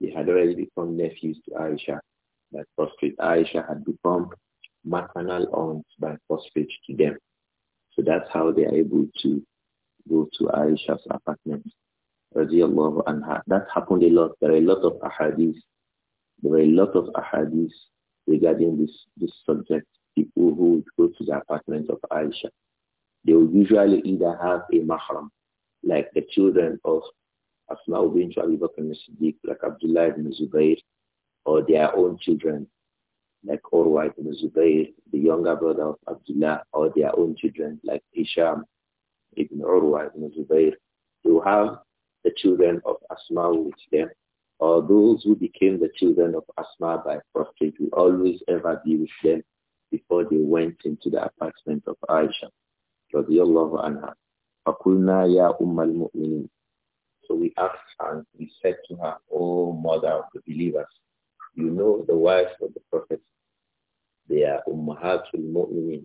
They had already become nephews to Aisha by fosterage. Aisha had become maternal aunts by fosterage to them. So that's how they are able to go to Aisha's apartment. That happened a lot. There are a lot of ahadith. There are a lot of ahadith regarding this, this subject. People who would go to the apartment of Aisha. They would usually either have a mahram, like the children of Asma bin Abi Bakr Siddiq, like Abdullah ibn Zubayr, or their own children, like Orwa ibn Zubayr, the younger brother of Abdullah, or their own children, like Hisham Ibn Urwa, Ibn Zubayr, who have the children of Asma with them, or those who became the children of Asma by prostrate will always ever be with them before they went into the apartment of Aisha. Radiallahu anha. فَقُلْنَا يَا أُمَّ الْمُؤْمِنِينَ So we asked and we said to her, O mother of the believers, you know the wives of the prophets, they are Ummahatul Mu'minin,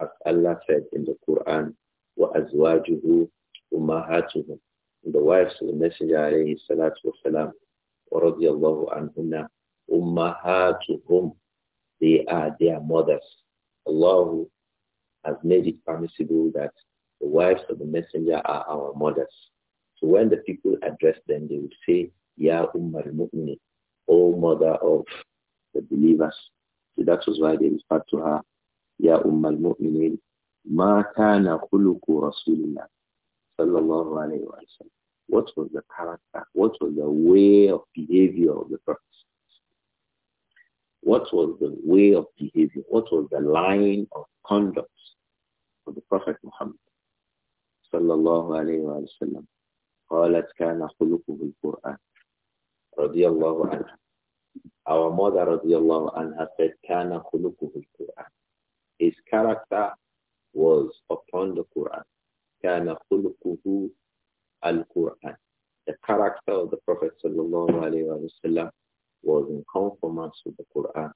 as Allah said in the Quran, وَأَزْوَاجُهُ أُمَّهَاتُهُمْ The wives of the Messenger alayhi salatu wasalam رضي الله عنهن أُمَّهَاتُهُمْ They are their mothers. Allah has made it permissible that the wives of the Messenger are our mothers. So when the people address them, they would say, Ya Umm al-Mu'mini, O mother of the believers. So that was why they referred to her, Ya Umm al-Mu'minin, ما كان خلق رسول الله صلى الله عليه وسلم what was the character what was the way of behavior of the prophet what was the way of behavior what was the line of conduct of the prophet Muhammad صلى الله عليه وسلم قالت كان خلقه القرآن رضي الله عنه our mother رضي الله عنها said كان خلقه القرآن his character was upon the Quran. كَانَ خُلُقُهُ الْقُرْآنِ The character of the Prophet وسلم, was in conformance with the Quran.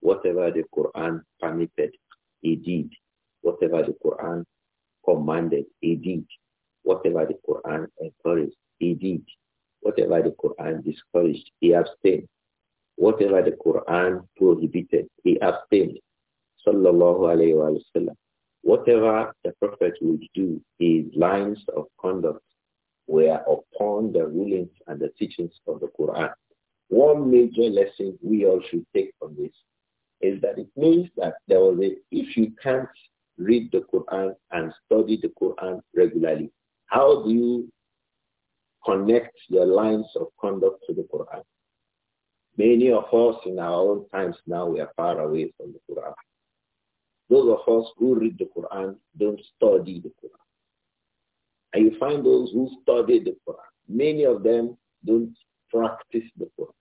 Whatever the Quran permitted, he did. Whatever the Quran commanded, he did. Whatever the Quran encouraged, he did. Whatever the Quran discouraged, he abstained. Whatever the Quran prohibited, he abstained. Sallallahu alayhi wa sallam. Whatever the prophet would do, his lines of conduct were upon the rulings and the teachings of the Quran. One major lesson we all should take from this is that it means that there was a, if you can't read the Quran and study the Quran regularly, how do you connect your lines of conduct to the Quran? Many of us in our own times now, we are far away from the Quran. Those of us who read the Quran don't study the Quran. And you find those who study the Quran. Many of them don't practice the Quran.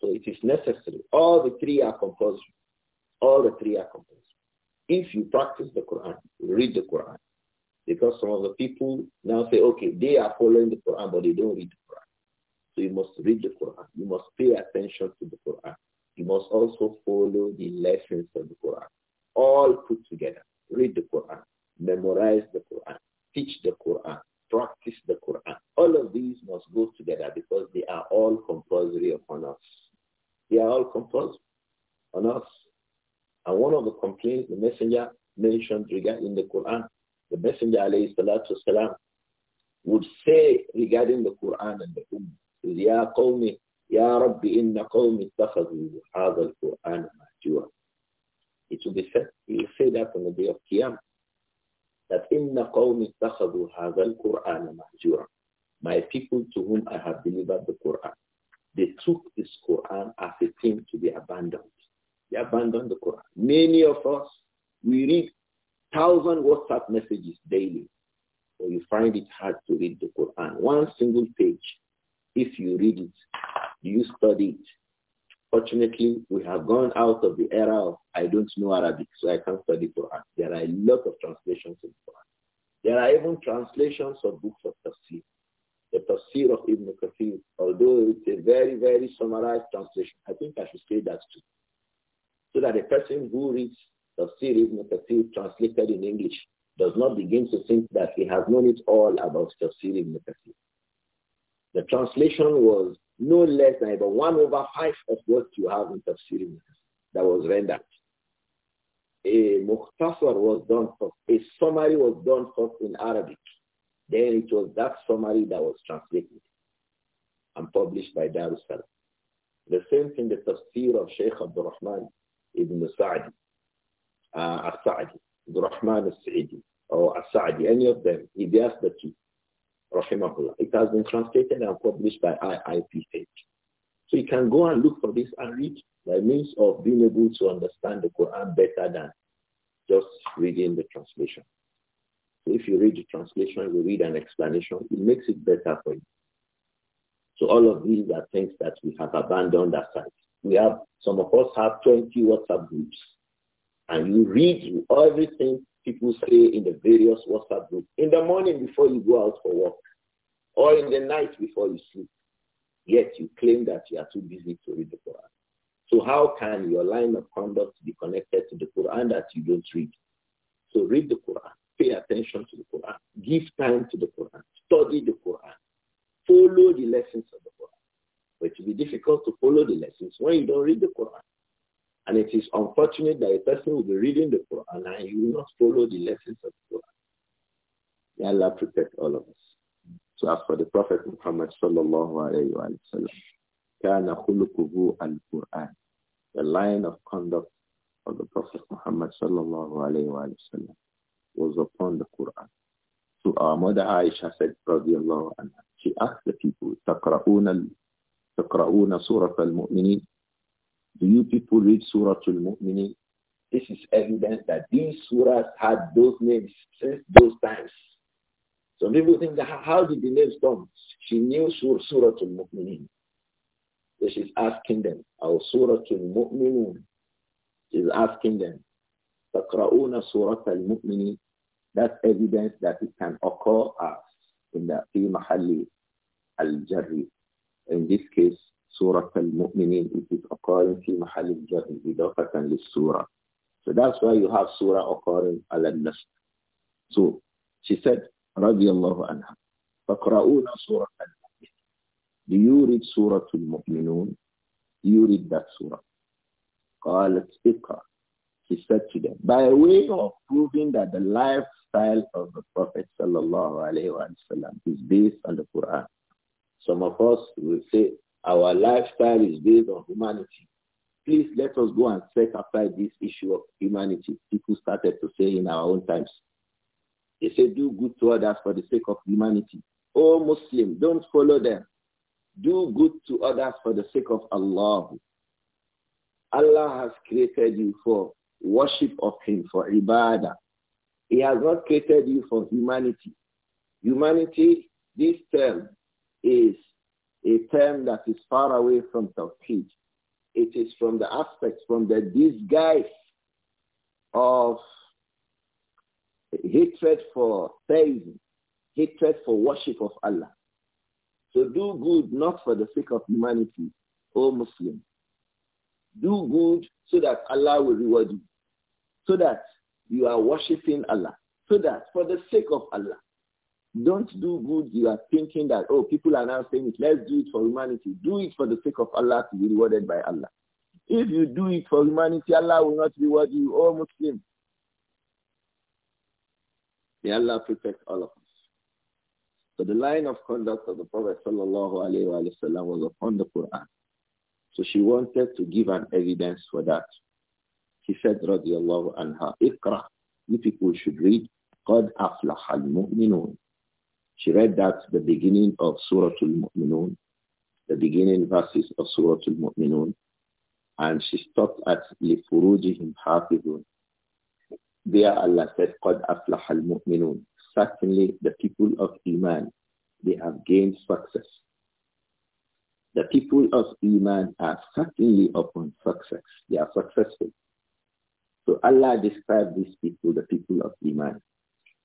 So it is necessary. All the three are compulsory. All the three are compulsory. If you practice the Quran, read the Quran. Because some of the people now say, okay, they are following the Quran, but they don't read the Quran. So you must read the Quran. You must pay attention to the Quran you must also follow the lessons of the Quran. All put together. Read the Quran. Memorize the Quran. Teach the Quran. Practice the Quran. All of these must go together because they are all compulsory upon us. They are all compulsory on us. And one of the complaints the messenger mentioned regarding the Quran, the messenger alayhi would say regarding the Quran and the Ummah, Ya qawmi يا رب إن قوم اتخذوا هذا القرآن مهجورا It will be said, he will say that on the day of Qiyamah, that إن قوم اتخذوا هذا القرآن مهجورا My people to whom I have delivered the Quran, they took this Quran as a thing to be abandoned. They abandoned the Quran. Many of us, we read thousand WhatsApp messages daily. So you find it hard to read the Quran. One single page, if you read it, you study it? Fortunately, we have gone out of the era of I don't know Arabic, so I can't study Quran. There are a lot of translations in Quran. There are even translations of books of tafsir. The tafsir of Ibn Kathir, although it's a very, very summarized translation, I think I should say that too. So that a person who reads tafsir Ibn Kathir translated in English does not begin to think that he has known it all about tafsir Ibn Kathir. The translation was no less than about one over five of what you have in tafsir that was rendered. A muhtasar was done first. A summary was done first in Arabic. Then it was that summary that was translated and published by Darussalam. The same thing, the tafsir of Sheikh Abdul Rahman ibn Sa'di, uh, As-Sa'di, Abdul Rahman As-Sa'di, or As-Sa'di, any of them, he asked the two rahimahullah. It has been translated and published by IIPH. So you can go and look for this and read by means of being able to understand the Quran better than just reading the translation. So if you read the translation, you read an explanation, it makes it better for you. So all of these are things that we have abandoned aside. We have, some of us have 20 WhatsApp groups and you read everything people say in the various WhatsApp groups, in the morning before you go out for work, or in the night before you sleep, yet you claim that you are too busy to read the Quran. So how can your line of conduct be connected to the Quran that you don't read? So read the Quran, pay attention to the Quran, give time to the Quran, study the Quran, follow the lessons of the Quran. But it will be difficult to follow the lessons when you don't read the Quran. And it is unfortunate that a person will be reading the Quran and he will not follow the lessons of the Quran. May Allah protect all of us. So as for the Prophet Muhammad sallallahu alayhi wa sallam, كَانَ خُلُقُهُ الْقُرْآنِ The line of conduct of the Prophet Muhammad sallallahu alayhi wa sallam was upon the Quran. So our mother Aisha said, radiallahu anha, she asked the people, تَقْرَؤُونَ تَقْرَؤُونَ سُورَةَ الْمُؤْمِنِينَ do you people read Surah Al-Mu'minin? This is evidence that these surahs had those names since those times. Some people think that how did the names come? She knew sur Surah Al-Mu'minin. So she's asking them, our Surah Al-Mu'minun. She's asking them, تَقْرَؤُونَ Surah Al-Mu'minin. That's evidence that it can occur as in the في al jari. In this case, Surah Al-Mu'minin, it is occurring في محل الجر إضافة للسورة. So that's why you have Surah occurring على النصب. So she said, رضي الله عنها, فقرؤونا سورة المؤمنين. Do you read Surah Al-Mu'minun? Do you read that Surah? قالت اقرأ. She said to them, by way of proving that the lifestyle of the Prophet sallallahu alayhi wa sallam is based on the Quran. Some of us will say, our lifestyle is based on humanity. Please let us go and set aside this issue of humanity. People started to say in our own times. They say, do good to others for the sake of humanity. Oh, Muslim, don't follow them. Do good to others for the sake of Allah. Allah has created you for worship of him, for ibadah. He has not created you for humanity. Humanity, this term, is a term that is far away from Tawheed. It is from the aspects, from the disguise of hatred for faith, hatred for worship of Allah. So do good not for the sake of humanity, O Muslim. Do good so that Allah will reward you, so that you are worshipping Allah, so that for the sake of Allah. Don't do good you are thinking that, oh, people are now saying it. Let's do it for humanity. Do it for the sake of Allah to be rewarded by Allah. If you do it for humanity, Allah will not reward you, oh Muslim. May Allah protect all of us. So the line of conduct of the Prophet sallallahu alaihi wasallam was upon the Quran. So she wanted to give an evidence for that. She said, radiallahu anha, ikra, you people should read, قَدْ أَفْلَحَ الْمُؤْمِنُونَ she read that the beginning of Surah Al-Mu'minun, the beginning verses of Surah Al-Mu'minun, and she stopped at لِفُرُوجِهِمْ حَافِظُونَ. There Allah said, قَدْ أَفْلَحَ الْمُؤْمِنُونَ. Certainly the people of Iman, they have gained success. The people of Iman are certainly upon success. They are successful. So Allah described these people, the people of Iman.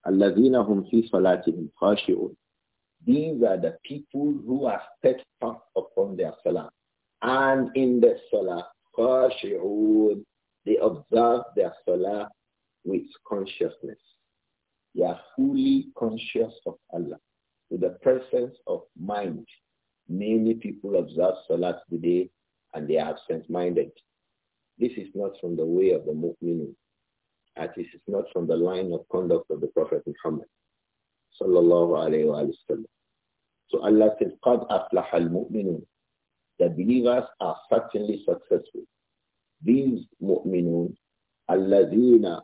الَّذِينَ هُمْ فِي صَلَاتِهِمْ خَاشِعُونَ These are the people who are steadfast upon their salah. And in the salah, خَاشِعُونَ They observe their salah with consciousness. They are fully conscious of Allah, with the presence of mind. Many people observe salah today and they are absent-minded. This is not from the way of the mu'minun at least it's not from the line of conduct of the Prophet Muhammad. Sallallahu alayhi wa sallam. So Allah says, قَدْ أَفْلَحَ الْمُؤْمِنُونَ The believers are certainly successful. These mu'minun, الَّذِينَ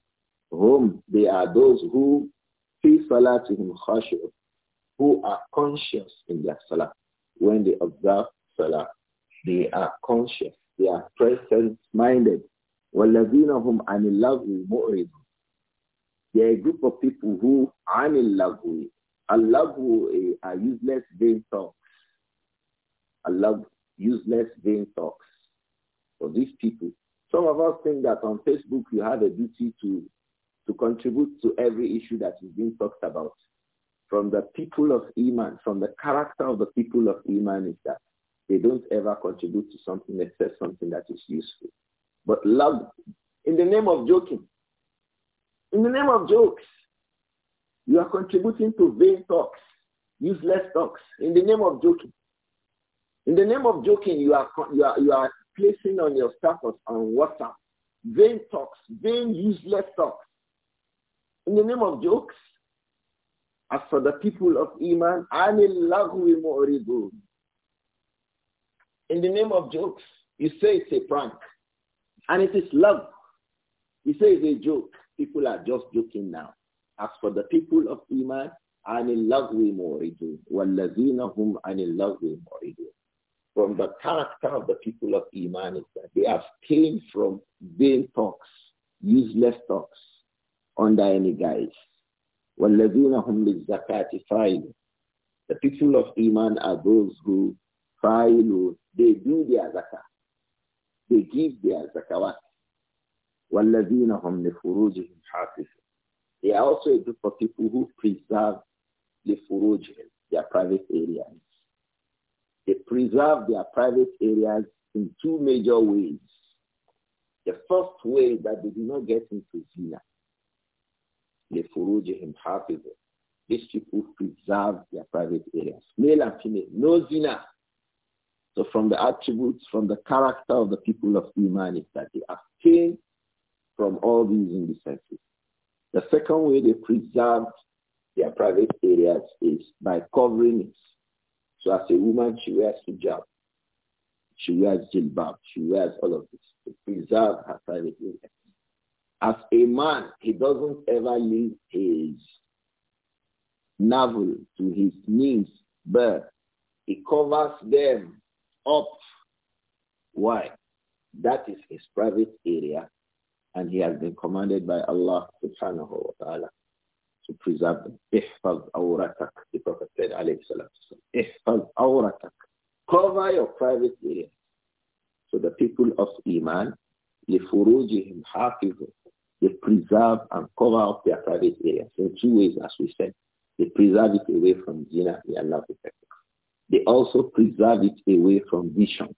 هم they are those who feel salatihim khashi'un, who are conscious in their salah. When they observe salah, they are conscious, they are present-minded وَالَّذِينَ هُمْ عَنِ مُؤْرِضُ They're a group of people who عَنِ اللَّغْوِ اللَّغْوِ are useless vain talks. Allah, useless vain talks. For these people, some of us think that on Facebook you have a duty to, to contribute to every issue that is being talked about. From the people of Iman, from the character of the people of Iman is that they don't ever contribute to something except something that is useful. But love in the name of joking, in the name of jokes, you are contributing to vain talks, useless talks, in the name of joking. In the name of joking, you are, you are, you are placing on your status on WhatsApp vain talks, vain useless talks. In the name of jokes, as for the people of Iman, In the name of jokes, you say it's a prank. And it is love. He says it's a joke. People are just joking now. As for the people of Iman, I love whom I موردون والذين هم عن اللغو موردون From the character of the people of Iman is that they abstain from vain talks, useless talks under any guise. والذين هم للزكاة فاعلون The people of Iman are those who فاعلون They do their zakat. They give their zakawat. وَالَّذِينَ هُمْ لِفُرُوجِهِمْ حَافِظُونَ They are also a group of people who preserve لِفُرُوجِهِمْ, their private areas. They preserve their private areas in two major ways. The first way that they do not get into zina. لِفُرُوجِهِمْ حَافِظُونَ These people preserve their private areas. Male and female, no zina. So from the attributes, from the character of the people of Iman is that they abstain from all these indecencies. The second way they preserve their private areas is by covering it. So as a woman, she wears hijab. She wears jilbab. She wears all of this to preserve her private areas. As a man, he doesn't ever leave his navel to his knees bare. He covers them up. Why? That is his private area and he has been commanded by Allah subhanahu wa ta'ala to preserve them. Ihfaz awratak, the Prophet said, alayhi salatu Ihfaz awratak. Cover your private area. So the people of Iman, لِفُرُوجِهِمْ حَافِظُ They preserve and cover up their private areas in two ways, as we said. They preserve it away from zina, are Allah affected. They also preserve it away from vision.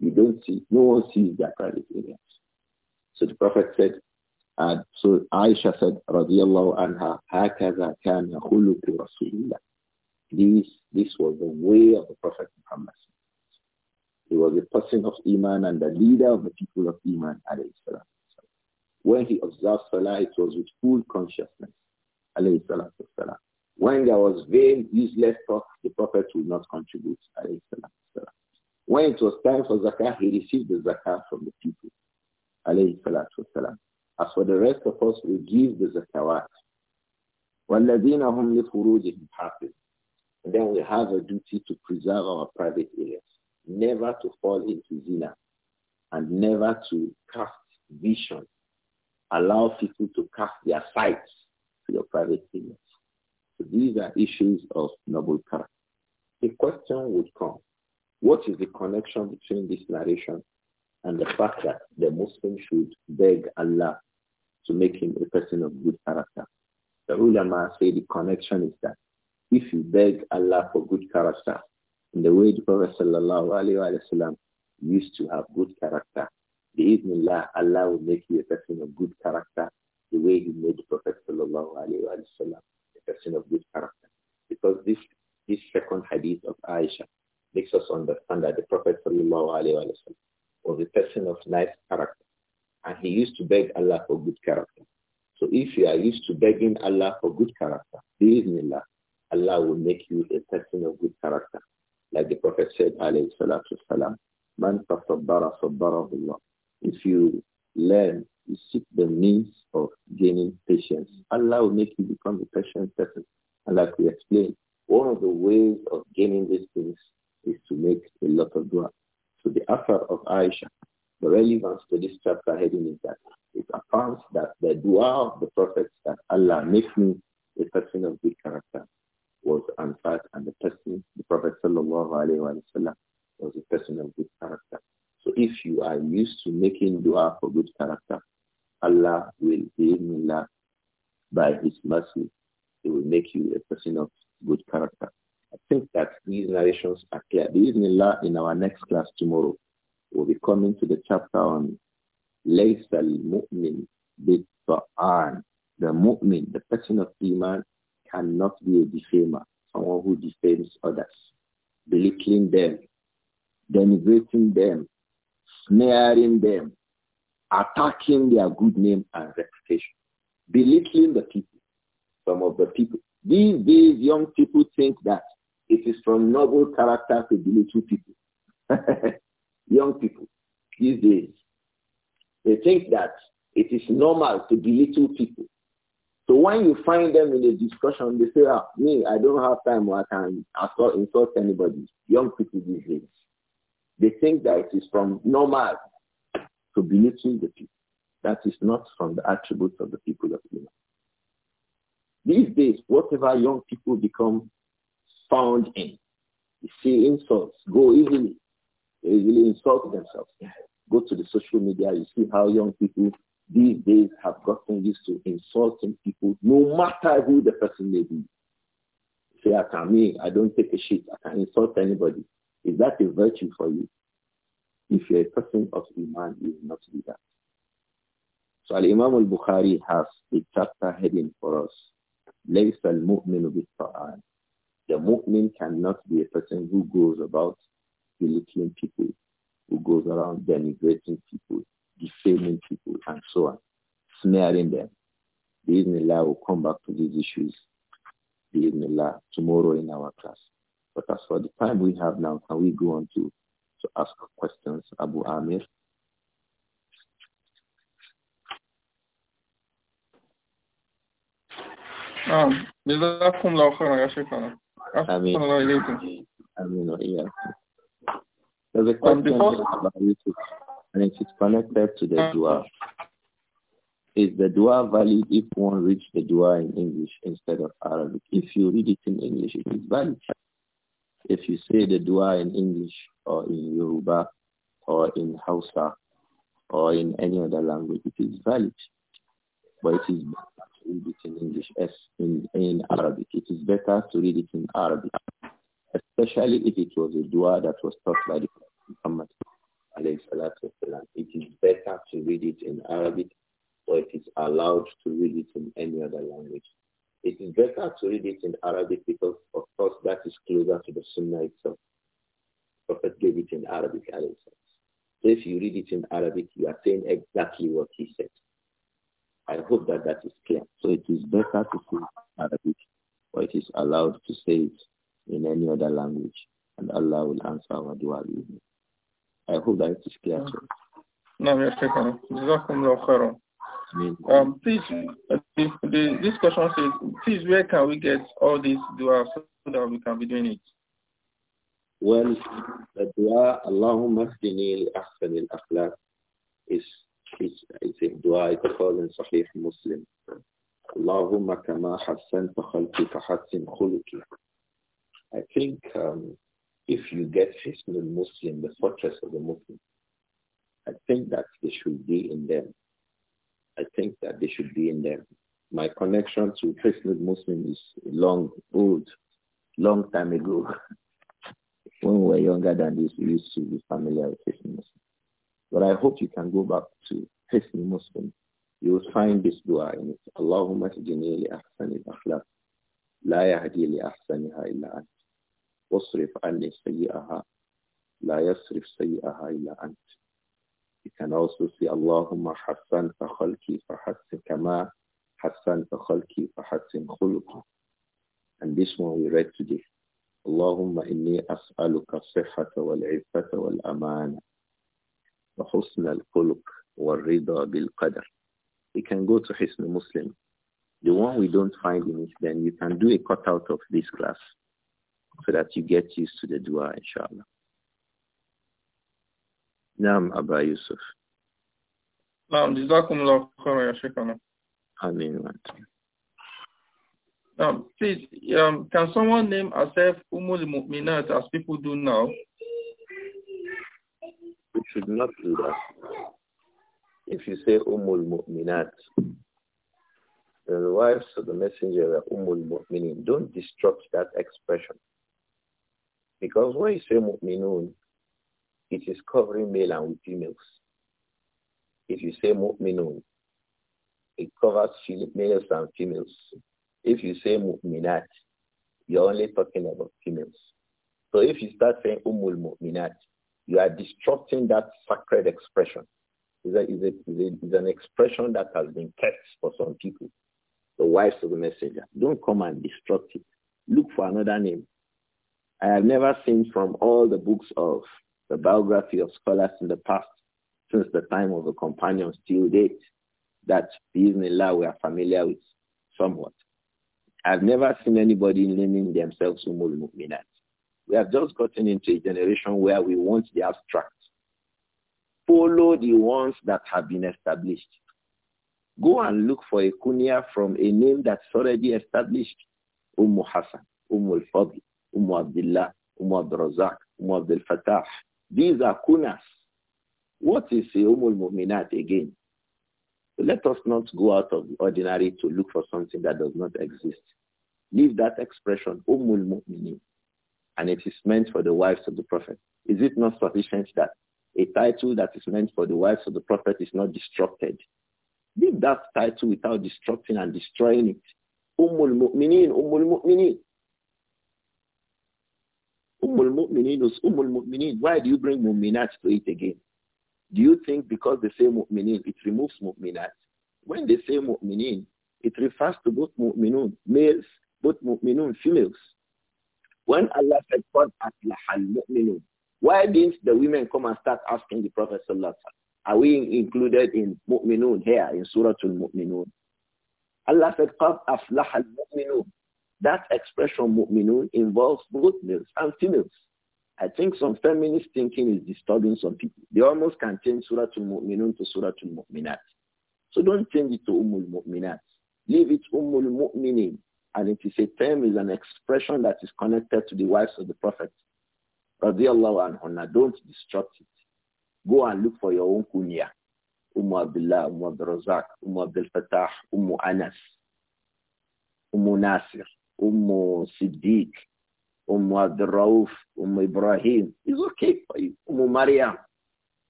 You don't see, no one sees their private areas. So the Prophet said, uh, so Aisha said, radiallahu anha, هَكَذَا كَانَ خُلُقُ رَسُولِ اللَّهِ this, this was the way of the Prophet Muhammad. He was a person of Iman and the leader of the people of Iman. When he observed Salah, it was with full consciousness. When there was vain, useless talk, the Prophet would not contribute. When it was time for zakah, he received the zakah from the people. As for the rest of us, we give the zakawat. and then we have a duty to preserve our private areas, never to fall into zina, and never to cast vision. Allow people to cast their sights to your private areas. These are issues of noble character. The question would come, what is the connection between this narration and the fact that the Muslim should beg Allah to make him a person of good character? The ulama say the connection is that if you beg Allah for good character, in the way the Prophet wasallam used to have good character, bi'idhnillah, Allah will make you a person of good character the way he made the Prophet sallallahu alayhi wa sallam person of good character. Because this, this second hadith of Aisha makes us understand that the Prophet وسلم, was a person of nice character. And he used to beg Allah for good character. So if you are used to begging Allah for good character, believe in Allah, Allah will make you a person of good character. Like the Prophet said, alayhi salatu salam, man tasabbara Allah. If you learn you seek the means of gaining patience. Allah will make you become a patient person. And like we explained, one of the ways of gaining these things is to make a lot of dua. So the affair of Aisha, the relevance to this chapter heading is that it affirms that the dua of the prophets that Allah make me a person of good character was answered and the person, the Prophet sallallahu was a person of good character. So if you are used to making dua for good character, Allah will bi'inillah, by his mercy, he will make you a person of good character. I think that these narrations are clear. Bi'inillah, in our next class tomorrow, we'll be coming to the chapter on لَيْسَ الْمُؤْمِنِ بِالطَّعَانِ The mu'min, the person of iman, cannot be a defamer, someone who defames others, belittling them, denigrating them, snaring them, attacking their good name and reputation, belittling the people, some of the people. These these young people think that it is from noble character to belittle people. young people, these days, they think that it is normal to belittle people. So when you find them in a discussion, they say, ah, me, I don't have time I can insult anybody. Young people these days. They think that it is from normal to the people. That is not from the attributes of the people of know. These days, whatever young people become found in, you see insults, go easily. They easily insult themselves. Go to the social media, you see how young people these days have gotten used to insulting people, no matter who the person may be. Say, I can me, I don't take a shit, I can insult anybody. Is that a virtue for you? If you're a person of Iman, you will not do that. So Al-Imam al-Bukhari has a chapter heading for us. لَيْسَ الْمُؤْمِنُ بِالطَّعَانِ The mu'min cannot be a person who goes about belittling people, who goes around denigrating people, defaming people, and so on, smearing them. Bismillah will come back to these issues, Bismillah, tomorrow in our class. But as for the time we have now, can we go on to to ask questions, Abu Amir. نعم جزاكم الله خيرا يا شيخنا أحسن الله إليكم آمين وإياكم There's a um, question about Yusuf and it is connected to the um, dua. Is the dua valid if one reads the dua in English instead of Arabic? If you read it in English, it is valid. If you say the dua in English or in Yoruba or in Hausa or in any other language, it is valid. But it is better to read it in English as in, in Arabic. It is better to read it in Arabic, especially if it was a dua that was taught by the Muhammad. It is better to read it in Arabic, or it is allowed to read it in any other language. It is better to read it in Arabic because, of course, that is closer to the Sunnah itself. Prophet gave it in Arabic, alayhi So if you read it in Arabic, you are saying exactly what he said. I hope that that is clear. So it is better to say Arabic, or it is allowed to say it in any other language, and Allah will answer our dua. I hope that it is clear. Sir. Um, please, uh, the, the, this question says, please, where can we get all these dua so that we can be doing it? Well, the dua, Allahumma hdini li ahsan al-akhlaq, is, is, is a dua, it's called in Sahih Muslim. Allahumma kama hassan fakhalqika hassin khuluki. I think um, if you get Hisnul Muslim, the fortress of the Muslim, I think that they should be in them. I think that they should be in them. My connection to Hisnul Muslim is long, old, long time ago. When we were younger than this, we used to be familiar with Hisni Muslim. But I hope you can go back to Hisni Muslim. You will find this dua in it. Allahumma tajini li ahsani akhlaq La yahdi li ahsaniha illa ant. Wasrif anni sayyi'aha. La yasrif sayyi'aha illa ant. You can also say, Allahumma hassan fa khalki fa hassin kama hassan fa khalki fa hassin And this one we read today. اللهم إني أسألك الصحة والعفة والأمانة وحسن الخلق والرضا بالقدر. You can go to Hisn Muslim. The one we don't find in it, then you can do a cutout of this class so that you get used to the dua, inshallah. Naam, Abba Yusuf. نعم جزاكم الله خيرا يا شيخنا. آمين وأنتم. Now, um, please, um, can someone name herself Umul Mu'minat as people do now? We should not do that. If you say Umul Minat, the wives of the messenger are Umul Mu'minin. Don't disrupt that expression. Because when you say Mu'minun, it is covering male and females. If you say Mu'minun, it covers males and females. If you say mu'minat, you're only talking about females. So if you start saying umul mu'minat, you are disrupting that sacred expression. Is a, is, a, is, an expression that has been kept for some people. The wives of the messenger. Don't come and destruct it. Look for another name. I have never seen from all the books of the biography of scholars in the past, since the time of the companions till date, that Bismillah we are familiar with somewhat. I've never seen anybody naming themselves Umul Mu'minat. We have just gotten into a generation where we want the abstract. Follow the ones that have been established. Go and look for a kunya from a name that's already established. Umm Hassan, Umm al-Fadl, Umm Abdullah, Umm Abdul Umm Abdul Fatah. These are kunas. What is Umm al-Mu'minat again? let us not go out of the ordinary to look for something that does not exist. Leave that expression, umul mu'minin, and it is meant for the wives of the Prophet. Is it not sufficient that a title that is meant for the wives of the Prophet is not disrupted? Leave that title without disrupting and destroying it. Ummul mu'minin, ummul mu'minin. Ummul mu'minin is ummul mu'minin. Why do you bring mu'minat to it again? Do you think because they say mu'minin, it removes mu'minat? When they say mu'minin, it refers to both mu'minun, males, both mu'minun, females. When Allah said, قَدْ أَفْلَحَ mu'minun, Why didn't the women come and start asking the Prophet sallallahu Are we included in mu'minun here, in Surah al-mu'minun? Allah said, قَدْ أَفْلَحَ mu'minun. That expression mu'minun involves both males and females. I think some feminist thinking is disturbing some people. They almost can change Surah Al-Mu'minun to Surah Al-Mu'minat. So don't change it to Ummul Mu'minat. Leave it Ummul Mu'minin. And it is a term, is an expression that is connected to the wives of the Prophet. Don't disrupt it. Go and look for your own kunya. bil Abdullah, umma Abdul Razak, umma Abdul Fatah, umma Anas, umma Nasir, umma Siddiq, Umm Abdul Rauf, Umm Ibrahim. It's okay for you. Umm Maryam.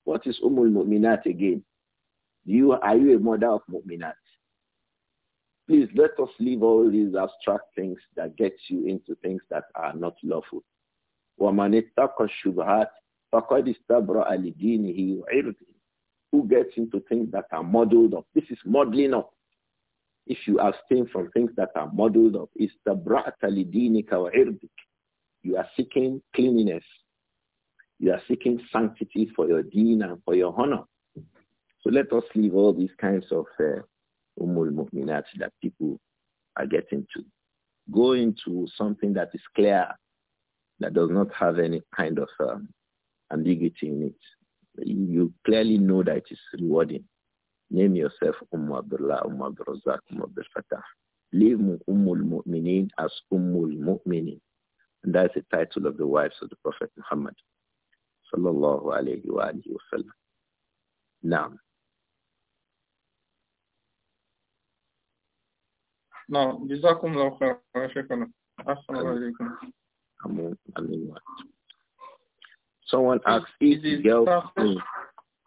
What is Umm al-Mu'minat again? You, are you a mother of Mu'minat? Please let us leave all these abstract things that get you into things that are not lawful. وَمَنِ اتَّقَى الشُّبْهَاتِ فَقَدْ اسْتَبْرَأَ لِدِينِهِ وَعِرْضِهِ Who gets into things that are muddled up? This is muddling up if you abstain from things that are muddled up, istabra'ta lidinika wa you are seeking cleanliness. You are seeking sanctity for your deen and for your honor. So let us leave all these kinds of uh, umul mu'minat that people are getting to. Go into something that is clear, that does not have any kind of um, ambiguity in it. You, clearly know that it is rewarding. Name yourself Umm Abdullah, Umm Abdul Razak, Umm Abdul Leave Ummul Mu'minin as Ummul Mu'minin. And that's the title of the wives of the Prophet Muhammad. Sallallahu alayhi wa alayhi wa sallam. Now. Now, جزاكم الله خيرا شكرا. السلام Someone asks, Is this girl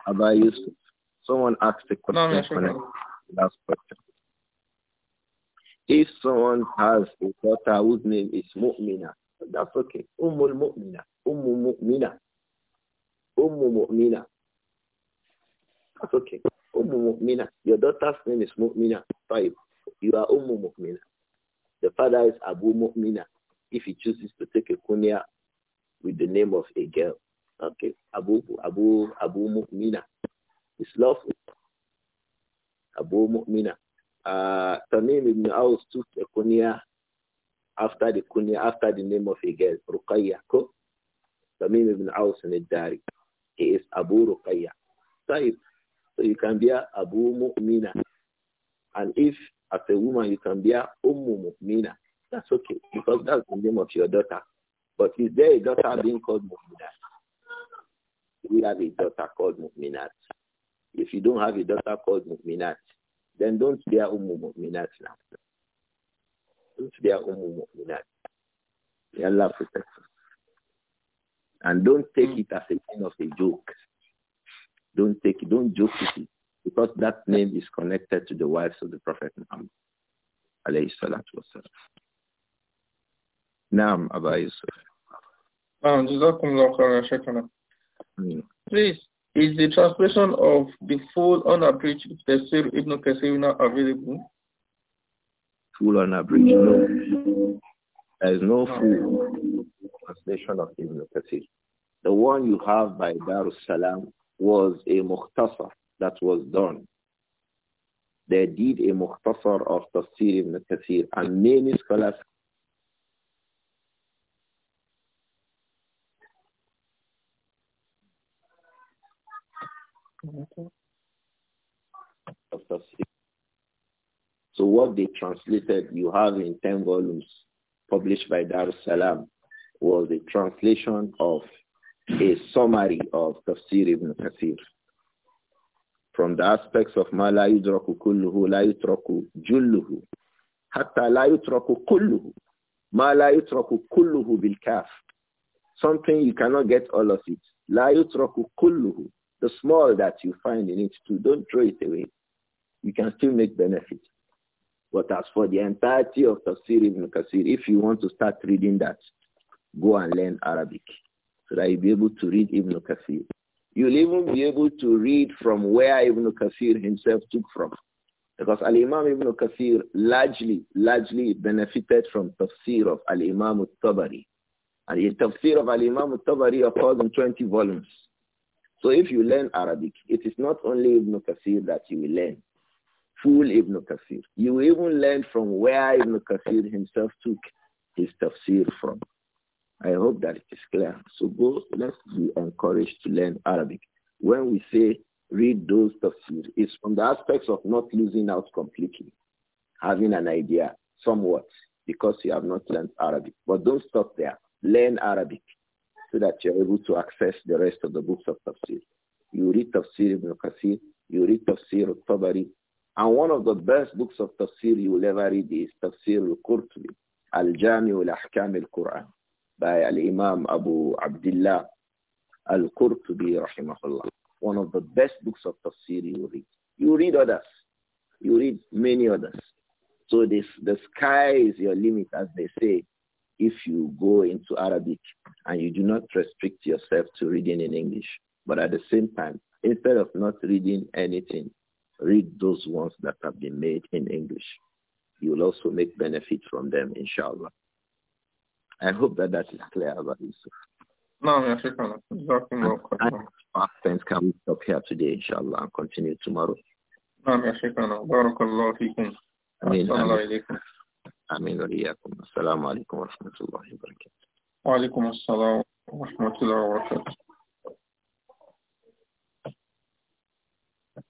about Yusuf. Someone asked the question. Last question. If someone has a daughter whose name is Mu'mina, that's okay. Ummul mu'mina. Umu mu'mina. Umu mu'mina. That's okay. Umu mu'mina. Your daughter's name is mu'mina. Five. You are Ummu mu'mina. The father is Abu mu'mina. If he chooses to take a kunya with the name of a girl. Okay. Abu, Abu, Abu mu'mina. It's lawful. Abu mu'mina. Uh, Tamim ibn Aus took a kunya after the kunya, after the name of a girl, Ruqayya. Ko? Tamim ibn Aus al-Dari. He is Abu Ruqayya. So you can be Abu Mu'mina. And if as a woman you can be Ummu Mu'mina, that's okay because that's the name of your daughter. But is there a daughter being called Mu'minat? We have a daughter called Mu'minat. If you don't have a daughter called Mu'minat, then don't be Ummu Mu'minat now. Don't be a umu Allah protect us. And don't take it as a kind of a joke. Don't take it, don't joke with it. Because that name is connected to the wives of the Prophet Muhammad. Alayhi salatu wasalam. Naam, Abba Yusuf. Please, is the translation of the full unabridged Tafsir Ibn Kathir available? fool on average, No. There is no full Translation of Ibn Kathir. The one you have by Darussalam was a muhtasar that was done. They did a muhtasar of Tafsir Ibn Kathir and many scholars of so what they translated, you have in 10 volumes published by Dar es Salaam, was a translation of a summary of Tafsir ibn Kathir. From the aspects of ma la yudraku kulluhu, la yutraku julluhu, hatta la yutraku kulluhu, ma la yutraku kulluhu bil kaf. Something you cannot get all of it. La yutraku kulluhu, the small that you find in it too, don't throw it away. You can still make benefit. But as for the entirety of Tafsir ibn Kasir, if you want to start reading that, go and learn Arabic so that you'll be able to read Ibn Kasir.
You'll even be
able to read from where Ibn Kasir himself took from. Because Al-Imam Ibn Kasir largely, largely benefited from tafsir of Al-Imam tabari And the tafsir of Al-Imam al-Tabari occurs in 20 volumes. So if you learn Arabic, it is not only Ibn Kasir that you will learn full Ibn Kathir. You even learn from where Ibn Kathir himself took his tafsir from. I hope that it is clear. So go, let's be encouraged to learn Arabic. When we say read those tafsir, it's from the aspects of not losing out completely, having an idea somewhat because you have not learned Arabic. But don't stop there. Learn Arabic so that you're able to access the rest of the books of tafsir. You read tafsir Ibn Kathir, you read tafsir al-Tabari, and one of the best books of tafsir you will ever read is Tafsir al-Qurtubi, Al-Jami al-Ahkam al-Quran by Al-Imam Abu Abdullah Al-Qurtubi rahimahullah. One of the best books of tafsir you read. You read others. You read many others. So this, the sky is your limit, as they say, if you go into Arabic and you do not restrict yourself to reading in English. But at the same time, instead of not reading anything, Read those ones that have been made in English. You will also make benefit from them, inshallah. I hope that that is clear about Yusuf. No, yes, Thanks, can we stop here today, inshallah, and continue tomorrow? نعم يا شيخنا بارك الله فيكم أمين الله إليكم آمين وإياكم السلام عليكم ورحمة الله وبركاته وعليكم السلام ورحمة الله وبركاته